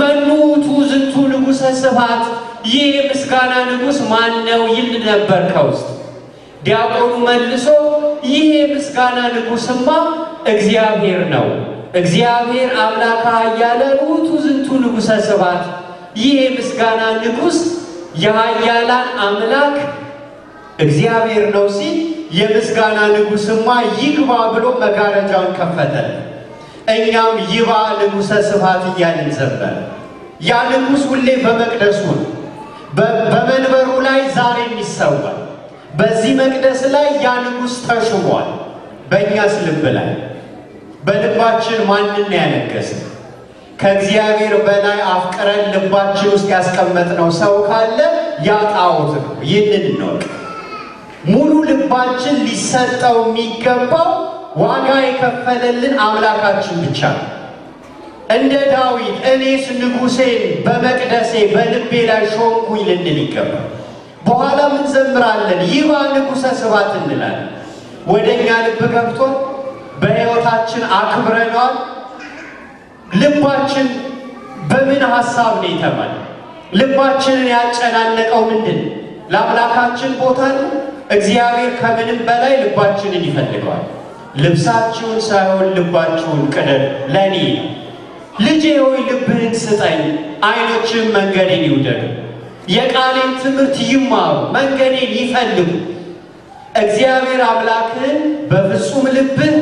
መኑ ውእቱ ዝንቱ ንጉሠ ስብሐት፣ ይህ የምስጋና ንጉሥ ማን ነው ይል ነበር ከውስጥ። ዲያቆኑ መልሶ ይህ የምስጋና ንጉሥማ እግዚአብሔር ነው፣ እግዚአብሔር አምላክ ኃያላን ውእቱ ዝንቱ ንጉሠ ስብሐት፣ ይህ የምስጋና ንጉሥ የኃያላን አምላክ እግዚአብሔር ነው ሲል የምስጋና ንጉሥማ ይግባ ብሎ መጋረጃውን ከፈተ እኛም ይባ ንጉሠ ስፋት እያልን ዘመር። ያ ንጉሥ ሁሌ በመቅደሱ በመንበሩ ላይ ዛሬም ይሰዋል። በዚህ መቅደስ ላይ ያ ንጉሥ ተሹሟል። በእኛስ ልብ ላይ በልባችን ማንን ያነገስ ከእግዚአብሔር በላይ አፍቅረን ልባችን ውስጥ ያስቀመጥነው ሰው ካለ ያ ጣዖት ነው። ይህንን እንወቅ። ሙሉ ልባችን ሊሰጠው የሚገባው ዋጋ የከፈለልን አምላካችን ብቻ ነው። እንደ ዳዊት እኔስ ንጉሴን በመቅደሴ በልቤ ላይ ሾምኩኝ ልንል ይገባል። በኋላ እንዘምራለን፣ ይባ ንጉሰ ስባት እንላለን። ወደ እኛ ልብ ገብቶ በሕይወታችን አክብረነዋል። ልባችን በምን ሀሳብ ነው የተባለ? ልባችንን ያጨናነቀው ምንድን? ለአምላካችን ቦታ ነው እግዚአብሔር ከምንም በላይ ልባችንን ይፈልገዋል። ልብሳችሁን ሳይሆን ልባችሁን ቅደድ ለእኔ ልጄ ሆይ ልብህን ስጠኝ፣ አይኖችን መንገዴን ይውደዱ፣ የቃሌን ትምህርት ይማሩ፣ መንገዴን ይፈልጉ። እግዚአብሔር አምላክህን በፍጹም ልብህ፣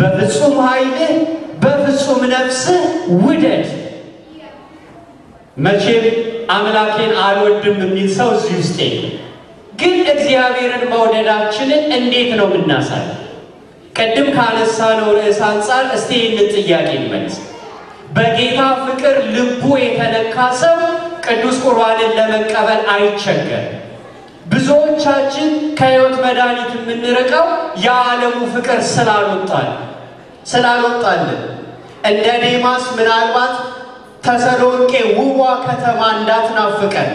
በፍጹም ኃይልህ፣ በፍጹም ነፍስህ ውደድ። መቼም አምላኬን አልወድም የሚል ሰው እዚህ ውስጥ የለም። ግን እግዚአብሔርን መውደዳችንን እንዴት ነው የምናሳይ? ቅድም ካነሳነው ርዕስ አንጻር እስቲ ይህን ጥያቄ እንመልስ። በጌታ ፍቅር ልቡ የተነካ ሰው ቅዱስ ቁርባንን ለመቀበል አይቸገርም። ብዙዎቻችን ከሕይወት መድኃኒት የምንርቀው የዓለሙ ፍቅር ስላልወጣል ስላልወጣልን እንደ ዴማስ ምናልባት ተሰሎንቄ ውቧ ከተማ እንዳትናፍቀን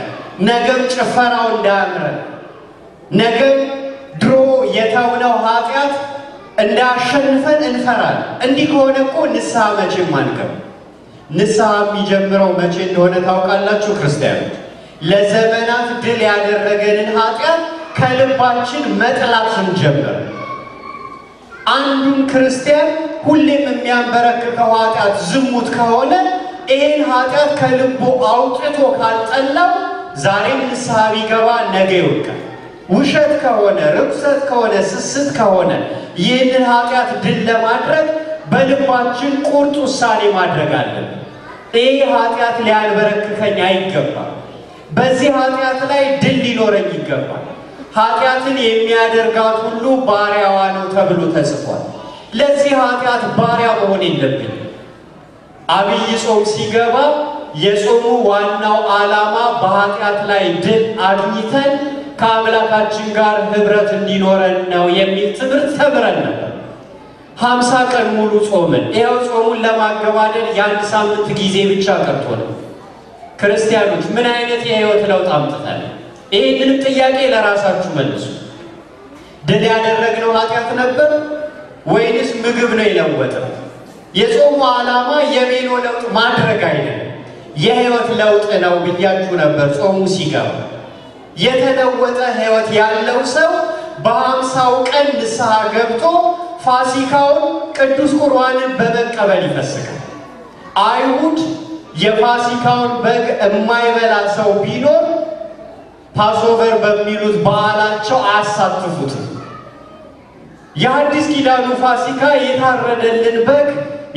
ነገም ጭፈራው እንዳያምረን ነገር ድሮ የተውነው ኃጢአት እንዳሸንፈን እንፈራል። እንዲህ ከሆነ እኮ ንስሐ መቼም አንገብ። ንስሐ የሚጀምረው መቼ እንደሆነ ታውቃላችሁ ክርስቲያኖች? ለዘመናት ድል ያደረገንን ኃጢአት ከልባችን መጥላት ስንጀምር። አንዱን ክርስቲያን ሁሌም የሚያንበረክከው ኃጢአት ዝሙት ከሆነ ይህን ኃጢአት ከልቡ አውጥቶ ካልጠላው ዛሬም ንስሐ ቢገባ ነገ ይወድቃል። ውሸት ከሆነ ርኩሰት ከሆነ ስስት ከሆነ ይህንን ኃጢአት ድል ለማድረግ በልባችን ቁርጥ ውሳኔ ማድረግ አለን። ይህ ኃጢአት ሊያንበረክከኝ አይገባም። በዚህ ኃጢአት ላይ ድል ሊኖረኝ ይገባል። ኃጢአትን የሚያደርጋት ሁሉ ባሪያዋ ነው ተብሎ ተጽፏል። ለዚህ ኃጢአት ባሪያ መሆን የለብኝ አብይ ጾም ሲገባ የጾሙ ዋናው ዓላማ በኃጢአት ላይ ድል አግኝተን ከአምላካችን ጋር ህብረት እንዲኖረን ነው የሚል ትምህርት ተምረን ነበር። ሀምሳ ቀን ሙሉ ጾምን። ይኸው ጾሙን ለማገባደድ የአንድ ሳምንት ጊዜ ብቻ ቀርቶ ነው። ክርስቲያኖች ምን አይነት የህይወት ለውጥ አምጥተን? ይህንንም ጥያቄ ለራሳችሁ መልሱ። ድል ያደረግነው ኃጢአት ነበር ወይንስ ምግብ ነው የለወጠው? የጾሙ ዓላማ የሜኖ ለውጥ ማድረግ አይደለም፣ የህይወት ለውጥ ነው ብያችሁ ነበር ጾሙ ሲገባ የተለወጠ ሕይወት ያለው ሰው በአምሳው ቀን ንስሐ ገብቶ ፋሲካውን ቅዱስ ቁርባንን በመቀበል ይፈስጋል። አይሁድ የፋሲካውን በግ የማይበላ ሰው ቢኖር ፓስኦቨር በሚሉት በዓላቸው አሳትፉት። የአዲስ ኪዳኑ ፋሲካ የታረደልን በግ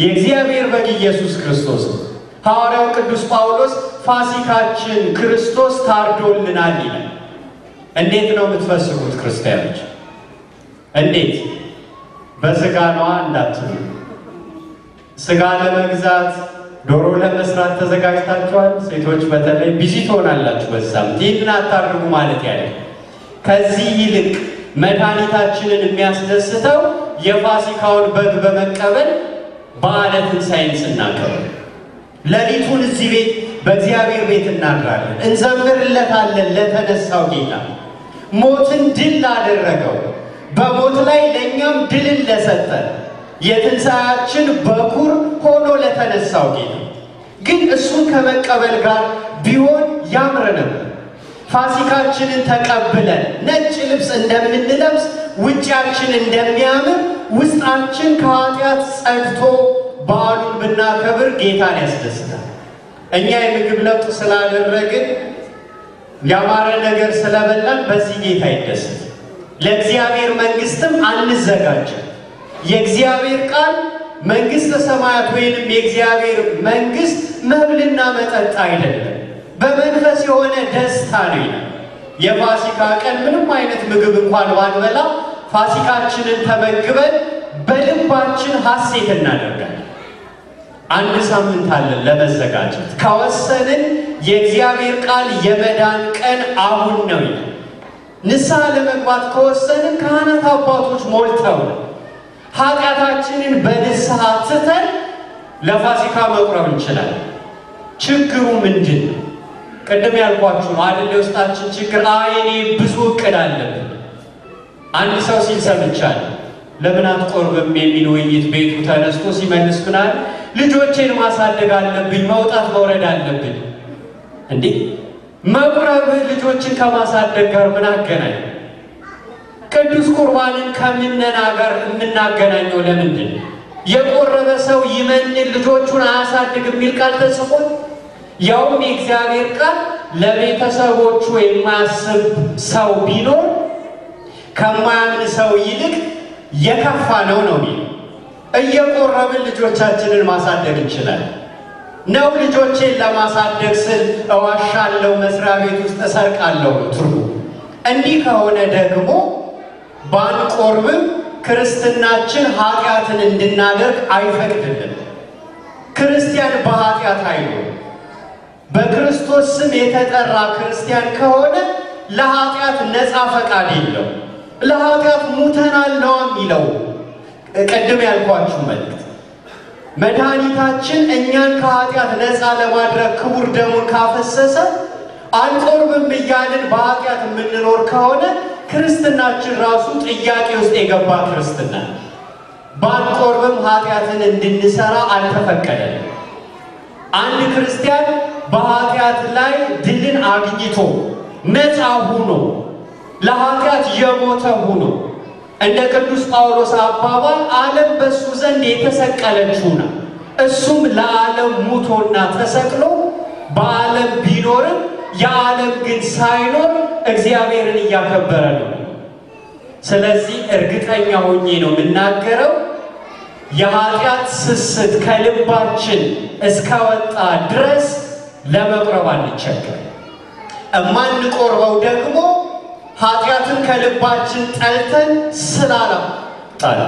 የእግዚአብሔር በግ ኢየሱስ ክርስቶስ ነው። ሐዋርያው ቅዱስ ጳውሎስ ፋሲካችን ክርስቶስ ታርዶልናል ይላል። እንዴት ነው የምትፈስሩት ክርስቲያኖች? እንዴት በስጋ ነዋ እንዳትሉ። ስጋ ለመግዛት ዶሮ ለመስራት ተዘጋጅታችኋል። ሴቶች በተለይ ቢዚ ትሆናላችሁ። በዛም ይህንን አታድርጉ ማለት ያለ ከዚህ ይልቅ መድኃኒታችንን የሚያስደስተው የፋሲካውን በግ በመቀበል በዓለ ትንሣኤን ስናከብር ለሊቱን እዚህ ቤት በእግዚአብሔር ቤት እናድራለን፣ እንዘምርለታለን ለተነሳው ጌታ። ሞትን ድል ላደረገው በሞት ላይ ለእኛም ድልን ለሰጠን የትንሣያችን በኩር ሆኖ ለተነሳው ጌታ ግን እሱን ከመቀበል ጋር ቢሆን ያምረንም። ፋሲካችንን ተቀብለን ነጭ ልብስ እንደምንለብስ ውጪያችን እንደሚያምር ውስጣችን ከኃጢአት ጸድቶ በዓሉን ብናከብር ጌታን ያስደስታል። እኛ የምግብ ለውጥ ስላደረግን ያማረ ነገር ስለበላን በዚህ ጌታ ይደሰት። ለእግዚአብሔር መንግስትም አንዘጋጅም። የእግዚአብሔር ቃል መንግስተ ሰማያት ወይንም የእግዚአብሔር መንግስት መብልና መጠጥ አይደለም፣ በመንፈስ የሆነ ደስታ ነው ይላል። የፋሲካ ቀን ምንም አይነት ምግብ እንኳን ባንበላ ፋሲካችንን ተመግበን በልባችን ሐሴት እናደርጋለን። አንድ ሳምንት አለን ለመዘጋጀት ከወሰንን የእግዚአብሔር ቃል የመዳን ቀን አሁን ነው ይላል። ንስሐ ለመግባት ከወሰንን ካህናት አባቶች ሞልተው ኃጢአታችንን በንስሐ ትተን ለፋሲካ መቁረብ እንችላለን። ችግሩ ምንድን ነው? ቅድም ያልኳችሁ ነው አይደል? የውስጣችን ችግር አይኔ ብዙ እቅድ አለብን አንድ ሰው ሲል ሰምቻለሁ። ለምን አትቆርብም የሚል ውይይት ቤቱ ተነስቶ ሲመልስ ምናል ልጆቼን ማሳደግ አለብኝ፣ መውጣት መውረድ አለብኝ። እንዲህ መቁረብ ልጆችን ከማሳደግ ጋር ምን አገናኝ? ቅዱስ ቁርባንን ከምነና ጋር የምናገናኘው ለምንድን የቆረበ ሰው ይመኝን ልጆቹን አያሳድግ የሚል ቃል ተጽፏል። ያውም የእግዚአብሔር ቃል ለቤተሰቦቹ የማያስብ ሰው ቢኖር ከማያምን ሰው ይልቅ የከፋ ነው ነው ሚል እየቆረብን ልጆቻችንን ማሳደግ እንችላል። ነው ልጆቼን ለማሳደግ ስል እዋሻለሁ፣ መስሪያ ቤት ውስጥ እሰርቃለሁ ትርጉ እንዲህ ከሆነ ደግሞ ባንቆርብም ክርስትናችን ኃጢአትን እንድናደርግ አይፈቅድልን። ክርስቲያን በኃጢአት አይኖርም። በክርስቶስ ስም የተጠራ ክርስቲያን ከሆነ ለኃጢአት ነፃ ፈቃድ የለው። ለኃጢአት ሙተናል ነው የሚለው ቅድም ያልኳችሁ መልእክት። መድኃኒታችን እኛን ከኃጢአት ነፃ ለማድረግ ክቡር ደሙን ካፈሰሰ አልቆርብም እያልን በኃጢአት የምንኖር ከሆነ ክርስትናችን ራሱ ጥያቄ ውስጥ የገባ ክርስትና። ባንቆርብም ኃጢአትን እንድንሰራ አልተፈቀደም። አንድ ክርስቲያን በኃጢአት ላይ ድልን አግኝቶ ነፃ ሆኖ ለኃጢአት የሞተ ሁኖ እንደ ቅዱስ ጳውሎስ አባባል ዓለም በእሱ ዘንድ የተሰቀለችው ናት። እሱም ለዓለም ሙቶና ተሰቅሎ በዓለም ቢኖርም የዓለም ግን ሳይኖር እግዚአብሔርን እያከበረ ነው። ስለዚህ እርግጠኛ ሆኜ ነው የምናገረው የኃጢአት ስስት ከልባችን እስከወጣ ድረስ ለመቁረብ አንቸገር። እማንቆርበው ደግሞ ኃጢአትን ከልባችን ጠልተን ስላላ ጣላ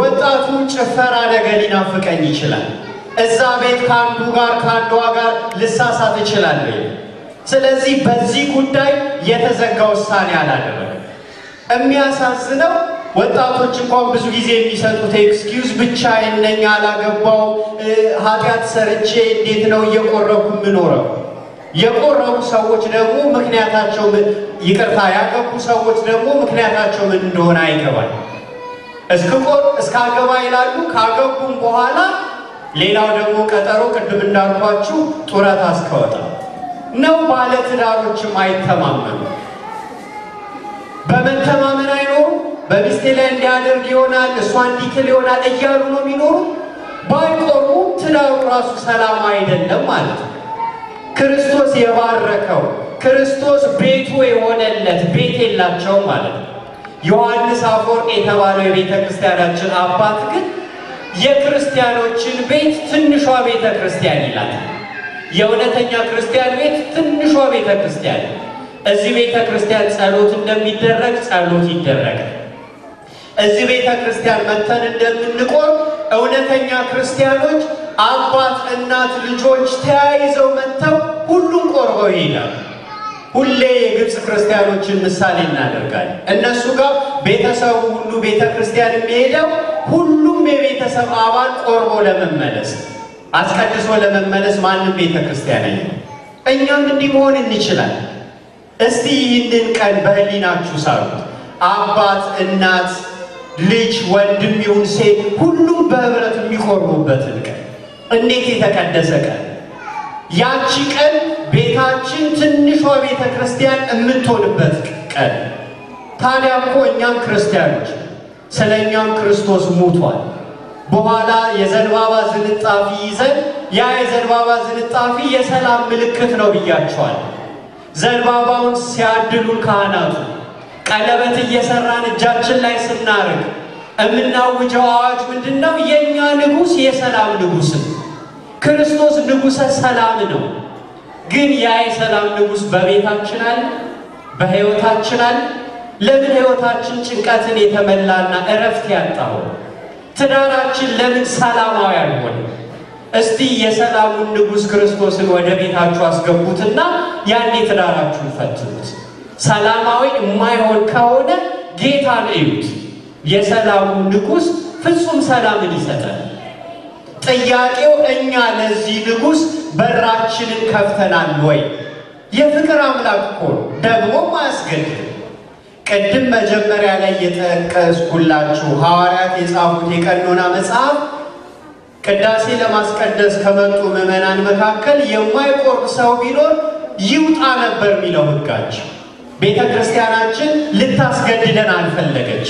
ወጣቱ ጭፈራ ነገ ሊናፍቀኝ ይችላል። እዛ ቤት ከአንዱ ጋር ከአንዷ ጋር ልሳሳት እችላለሁ። ስለዚህ በዚህ ጉዳይ የተዘጋ ውሳኔ አላደረገም። የሚያሳዝነው ወጣቶች እንኳን ብዙ ጊዜ የሚሰጡት ኤክስኪውዝ ብቻ ነኝ፣ አላገባው ኃጢአት ሰርቼ እንዴት ነው እየቆረኩ የምኖረው የቆረቡ ሰዎች ደግሞ ምክንያታቸው ይቅርታ ያገቡ ሰዎች ደግሞ ምክንያታቸው ምን እንደሆነ አይገባል። እስክቆር እስካገባ ይላሉ። ካገቡም በኋላ ሌላው ደግሞ ቀጠሮ ቅድም እንዳልኳችሁ ጡረታ እስከወጣ ነው። ባለትዳሮችም አይተማመኑ፣ በመተማመን አይኖሩም። በሚስቴ ላይ እንዲያደርግ ይሆናል እሷ እንዲክል ይሆናል እያሉ ነው የሚኖሩ። ባይቆርቡ ትዳሩ ራሱ ሰላም አይደለም ማለት ነው። ክርስቶስ የባረከው ክርስቶስ ቤቱ የሆነለት ቤት የላቸውም ማለት ነው። ዮሐንስ አፈወርቅ የተባለው የቤተ ክርስቲያናችን አባት ግን የክርስቲያኖችን ቤት ትንሿ ቤተ ክርስቲያን ይላል። የእውነተኛ ክርስቲያን ቤት ትንሿ ቤተ ክርስቲያን። እዚህ ቤተ ክርስቲያን ጸሎት እንደሚደረግ ጸሎት ይደረጋል። እዚህ ቤተ ክርስቲያን መተን እንደምንቆም እውነተኛ ክርስቲያኖች አባት፣ እናት፣ ልጆች ተያይዘው መጥተው ሁሉም ቆርበው ይሄዳል። ሁሌ የግብፅ ክርስቲያኖችን ምሳሌ እናደርጋለን። እነሱ ጋር ቤተሰቡ ሁሉ ቤተ ክርስቲያን የሚሄደው ሁሉም የቤተሰብ አባል ቆርቦ ለመመለስ አስቀድሶ ለመመለስ ማንም ቤተ ክርስቲያን አይ እኛም እንዲህ መሆን እንችላል። እስቲ ይህንን ቀን በህሊናችሁ ሳሉት አባት እናት ልጅ ወንድም ይሁን ሴት ሁሉም በህብረት የሚቆርቡበትን ቀን እንዴት የተቀደሰ ቀን! ያቺ ቀን ቤታችን ትንሿ ቤተ ክርስቲያን የምትሆንበት ቀን። ታዲያ እኮ እኛም ክርስቲያኖች ስለ እኛም ክርስቶስ ሙቷል። በኋላ የዘንባባ ዝንጣፊ ይዘን ያ የዘንባባ ዝንጣፊ የሰላም ምልክት ነው ብያቸዋል። ዘንባባውን ሲያድሉ ካህናቱ ቀለበት እየሰራን እጃችን ላይ ስናርግ እምናውጀው አዋጅ ምንድን ነው? የእኛ ንጉሥ የሰላም ንጉሥ ክርስቶስ ንጉሠ ሰላም ነው። ግን ያ የሰላም ንጉሥ በቤታችን አለ፣ በሕይወታችን አለ። ለምን ሕይወታችን ጭንቀትን የተመላና እረፍት ያጣው? ትዳራችን ለምን ሰላማዊ አልሆነ? እስቲ የሰላሙን ንጉሥ ክርስቶስን ወደ ቤታችሁ አስገቡትና ያኔ ትዳራችሁን ፈትኑት። ሰላማዊ የማይሆን ከሆነ ጌታ እዩት። የሰላሙ ንጉስ ፍጹም ሰላምን ይሰጣል። ጥያቄው እኛ ለዚህ ንጉስ በራችንን ከፍተናል ወይ? የፍቅር አምላክ እኮ ደግሞም አያስገድም። ቅድም መጀመሪያ ላይ የጠቀስኩላችሁ ሐዋርያት የጻፉት የቀኖና መጽሐፍ ቅዳሴ ለማስቀደስ ከመጡ ምዕመናን መካከል የማይቆርብ ሰው ቢኖር ይውጣ ነበር የሚለው ሕጋቸው። ቤተ ክርስቲያናችን ልታስገድደን አልፈለገች።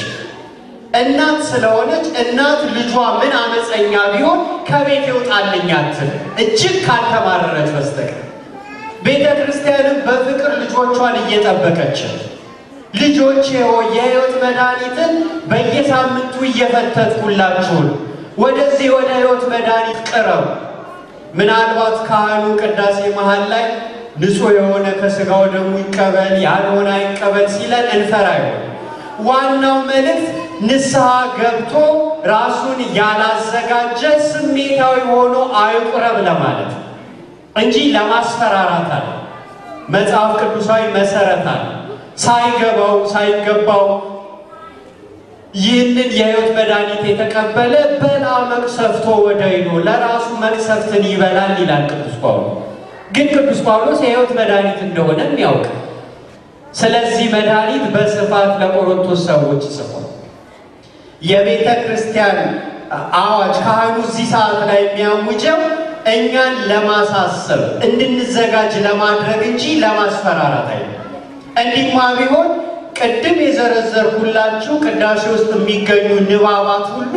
እናት ስለሆነች እናት ልጇ ምን አመፀኛ ቢሆን ከቤት ይወጣልኛት እጅግ ካልተማረረች በስተቀር። ቤተ ክርስቲያንም በፍቅር ልጆቿን እየጠበቀች ልጆች ሆይ የህይወት መድኃኒትን በየሳምንቱ እየፈተትኩላችሁን ወደዚህ ወደ ህይወት መድኃኒት ቅረቡ። ምናልባት ካህኑ ቅዳሴ መሃል ላይ ንጹሕ የሆነ ከሥጋው ደሙ ይቀበል ያልሆነ አይቀበል ሲለን እንፈራ ይሆን? ዋናው መልእክት ንስሐ ገብቶ ራሱን ያላዘጋጀ ስሜታዊ ሆኖ አይቁረብ ለማለት እንጂ ለማስፈራራት አለ። መጽሐፍ ቅዱሳዊ መሰረት አለ። ሳይገባው ሳይገባው ይህንን የሕይወት መድኃኒት የተቀበለ በላ መቅሰፍቶ ወዳይ ነው ለራሱ መቅሰፍትን ይበላል ይላል ቅዱስ ጳውሎስ። ግን ቅዱስ ጳውሎስ የህይወት መድኃኒት እንደሆነ የሚያውቅ ስለዚህ መድኃኒት በስፋት ለቆሮንቶስ ሰዎች ጽፏል። የቤተ ክርስቲያን አዋጅ ካህኑ እዚህ ሰዓት ላይ የሚያውጀው እኛን ለማሳሰብ እንድንዘጋጅ ለማድረግ እንጂ ለማስፈራራት አይደለም። እንዲማ ቢሆን ቅድም የዘረዘርኩላችሁ ቅዳሴ ውስጥ የሚገኙ ንባባት ሁሉ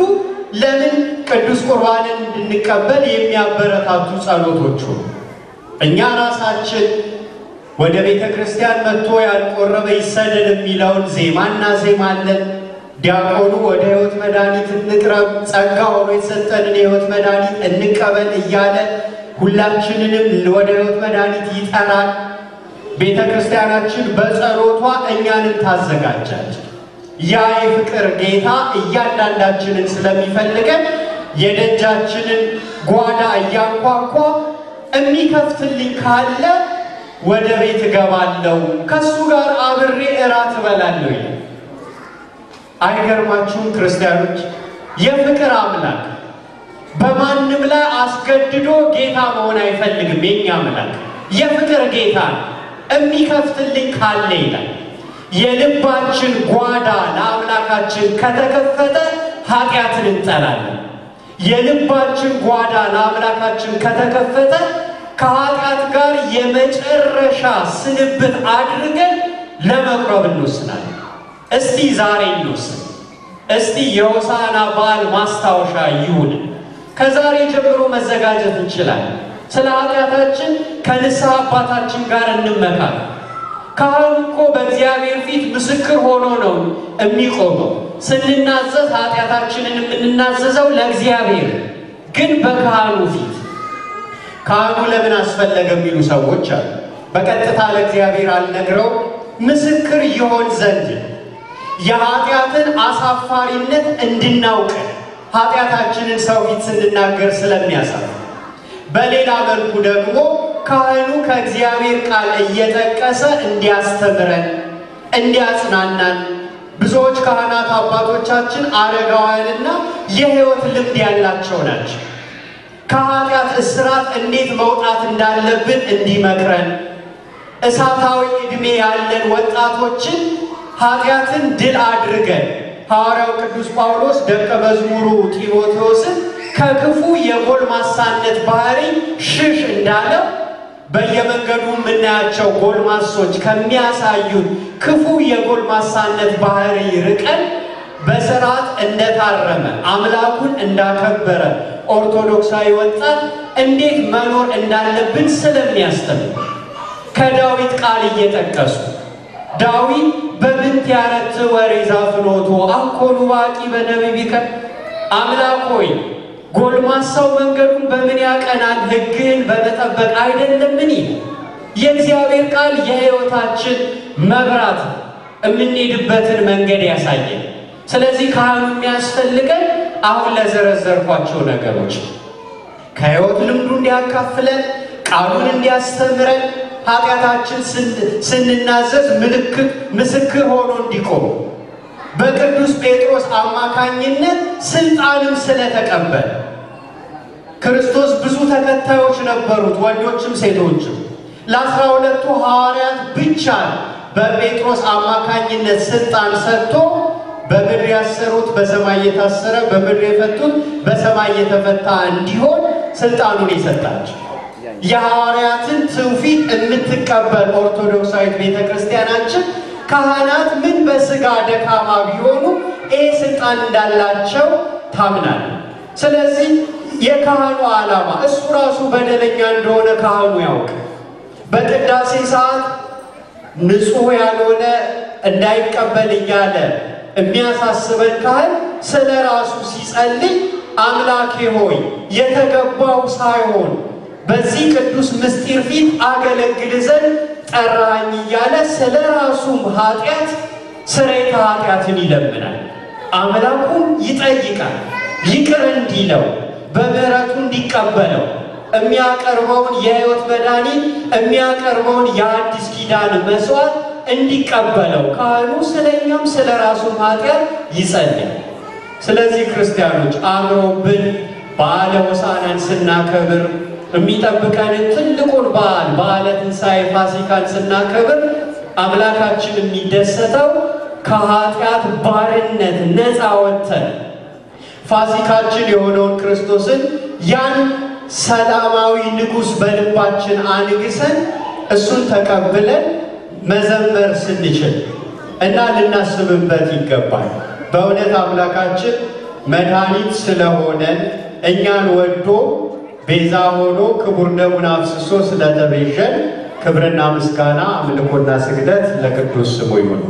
ለምን ቅዱስ ቁርባንን እንድንቀበል የሚያበረታቱ ጸሎቶች ሁሉ እኛ ራሳችን ወደ ቤተ ክርስቲያን መጥቶ ያልቆረበ ይሰደድ የሚለውን ዜማ እናዜማለን። ዲያቆኑ ወደ ሕይወት መድኃኒት እንቅረብ፣ ጸጋ ሆኖ የተሰጠንን የሕይወት መድኃኒት እንቀበል እያለ ሁላችንንም ወደ ሕይወት መድኃኒት ይጠራል። ቤተ ክርስቲያናችን በጸሎቷ እኛንን ታዘጋጃለች። ያ የፍቅር ጌታ እያንዳንዳችንን ስለሚፈልገን የደጃችንን ጓዳ እያንኳኳ የሚከፍትልኝ ካለ ወደ ቤት እገባለሁ፣ ከእሱ ጋር አብሬ እራት እበላለሁ አይገርማችሁም ክርስቲያኖች? የፍቅር አምላክ በማንም ላይ አስገድዶ ጌታ መሆን አይፈልግም። የኛ አምላክ የፍቅር ጌታ የሚከፍትልኝ ካለ ይላል። የልባችን ጓዳ ለአምላካችን ከተከፈተ ኃጢአትን እንጠላለን። የልባችን ጓዳ ለአምላካችን ከተከፈተ ከኃጢአት ጋር የመጨረሻ ስንብት አድርገን ለመቁረብ እንወስናለን። እስቲ ዛሬ እንወስን። እስቲ የሆሳዕና በዓል ማስታወሻ ይሁን። ከዛሬ ጀምሮ መዘጋጀት እንችላለን። ስለ ኃጢአታችን ከንስሐ አባታችን ጋር እንመካከል። ካህኑ እኮ በእግዚአብሔር ፊት ምስክር ሆኖ ነው የሚቆመው። ስንናዘዝ ኃጢአታችንን የምንናዘዘው ለእግዚአብሔር ግን በካህኑ ፊት። ካህኑ ለምን አስፈለገ የሚሉ ሰዎች አሉ። በቀጥታ ለእግዚአብሔር አልነግረው ምስክር ይሆን ዘንድ የኃጢአትን አሳፋሪነት እንድናውቅ ኃጢአታችንን ሰው ፊት ስንናገር ስለሚያሳፍ በሌላ መልኩ ደግሞ ካህኑ ከእግዚአብሔር ቃል እየጠቀሰ እንዲያስተምረን እንዲያጽናናን ብዙዎች ካህናት አባቶቻችን አረጋውያንና የሕይወት ልምድ ያላቸው ናቸው። ከኃጢአት እስራት እንዴት መውጣት እንዳለብን እንዲመክረን፣ እሳታዊ ዕድሜ ያለን ወጣቶችን ኃጢአትን ድል አድርገን ሐዋርያው ቅዱስ ጳውሎስ ደቀ መዝሙሩ ጢሞቴዎስን ከክፉ የጎልማሳነት ባህሪ ሽሽ እንዳለ በየመንገዱ የምናያቸው ጎልማሶች ከሚያሳዩን ክፉ የጎልማሳነት ባህሪ ርቀን በስርዓት እንደታረመ አምላኩን እንዳከበረ ኦርቶዶክሳዊ ወጣት እንዴት መኖር እንዳለብን ስለሚያስተምር ከዳዊት ቃል እየጠቀሱ ዳዊት ያረት ወሬ ዛፍኖቶ አኮኑ ባቂ በነቢቢከ አምላክ ሆይ ጎልማሳው መንገዱን በምን ያቀናል? ሕግን በመጠበቅ አይደለምን? የእግዚአብሔር ቃል የሕይወታችን መብራት የምንሄድበትን መንገድ ያሳየን። ስለዚህ ካህኑ የሚያስፈልገን አሁን ለዘረዘርኳቸው ነገሮች ከሕይወት ልምዱ እንዲያካፍለን፣ ቃሉን እንዲያስተምረን፣ ኃጢአታችን ስንናዘዝ ምልክት ምስክር ሆኖ እንዲቆም በቅዱስ ጴጥሮስ አማካኝነት ስልጣንም ስለተቀበለ ክርስቶስ ብዙ ተከታዮች ነበሩት፣ ወንዶችም ሴቶችም። ለአስራ ሁለቱ ሐዋርያት ብቻ በጴጥሮስ አማካኝነት ስልጣን ሰጥቶ በምድር ያሰሩት በሰማይ የታሰረ በምድር የፈቱት በሰማይ የተፈታ እንዲሆን ስልጣኑን የሰጣቸው የሐዋርያትን ትውፊት የምትቀበል ኦርቶዶክሳዊት ቤተ ክርስቲያናችን ካህናት ምን በስጋ ደካማ ቢሆኑ ይህ ስልጣን እንዳላቸው ታምናል። ስለዚህ የካህኑ ዓላማ እሱ ራሱ በደለኛ እንደሆነ ካህኑ ያውቅ። በቅዳሴ ሰዓት ንጹሕ ያልሆነ እንዳይቀበል እያለ የሚያሳስበን ካህን ስለ ራሱ ሲጸልይ አምላኬ ሆይ የተገባው ሳይሆን በዚህ ቅዱስ ምስጢር ፊት አገለግል ዘንድ ጠራኝ እያለ ስለ ራሱም ኃጢአት ስርየተ ኃጢአትን ይለምናል። አምላኩም ይጠይቃል ይቅር እንዲለው በምሕረቱ እንዲቀበለው የሚያቀርበውን የሕይወት መድኃኒት የሚያቀርበውን የአዲስ ኪዳን መስዋዕት እንዲቀበለው ካህኑ ስለ እኛም ስለ ራሱ ኃጢአት ይጸልያል። ስለዚህ ክርስቲያኖች አምሮብን በዓለ ሆሳዕናን ስናከብር የሚጠብቀንን ትልቁን በዓል በዓለ ትንሣኤ ፋሲካን ስናከብር አምላካችን የሚደሰተው ከኃጢአት ባርነት ነፃ ወጥተን ፋሲካችን የሆነውን ክርስቶስን ያን ሰላማዊ ንጉሥ በልባችን አንግሰን እሱን ተቀብለን መዘመር ስንችል እና ልናስብበት ይገባል። በእውነት አምላካችን መድኃኒት ስለሆነ እኛን ወዶ ቤዛ ሆኖ ክቡር ደሙን አፍስሶ ስለተቤዠን ክብርና ምስጋና አምልኮና ስግደት ለቅዱስ ስሙ ይሁን።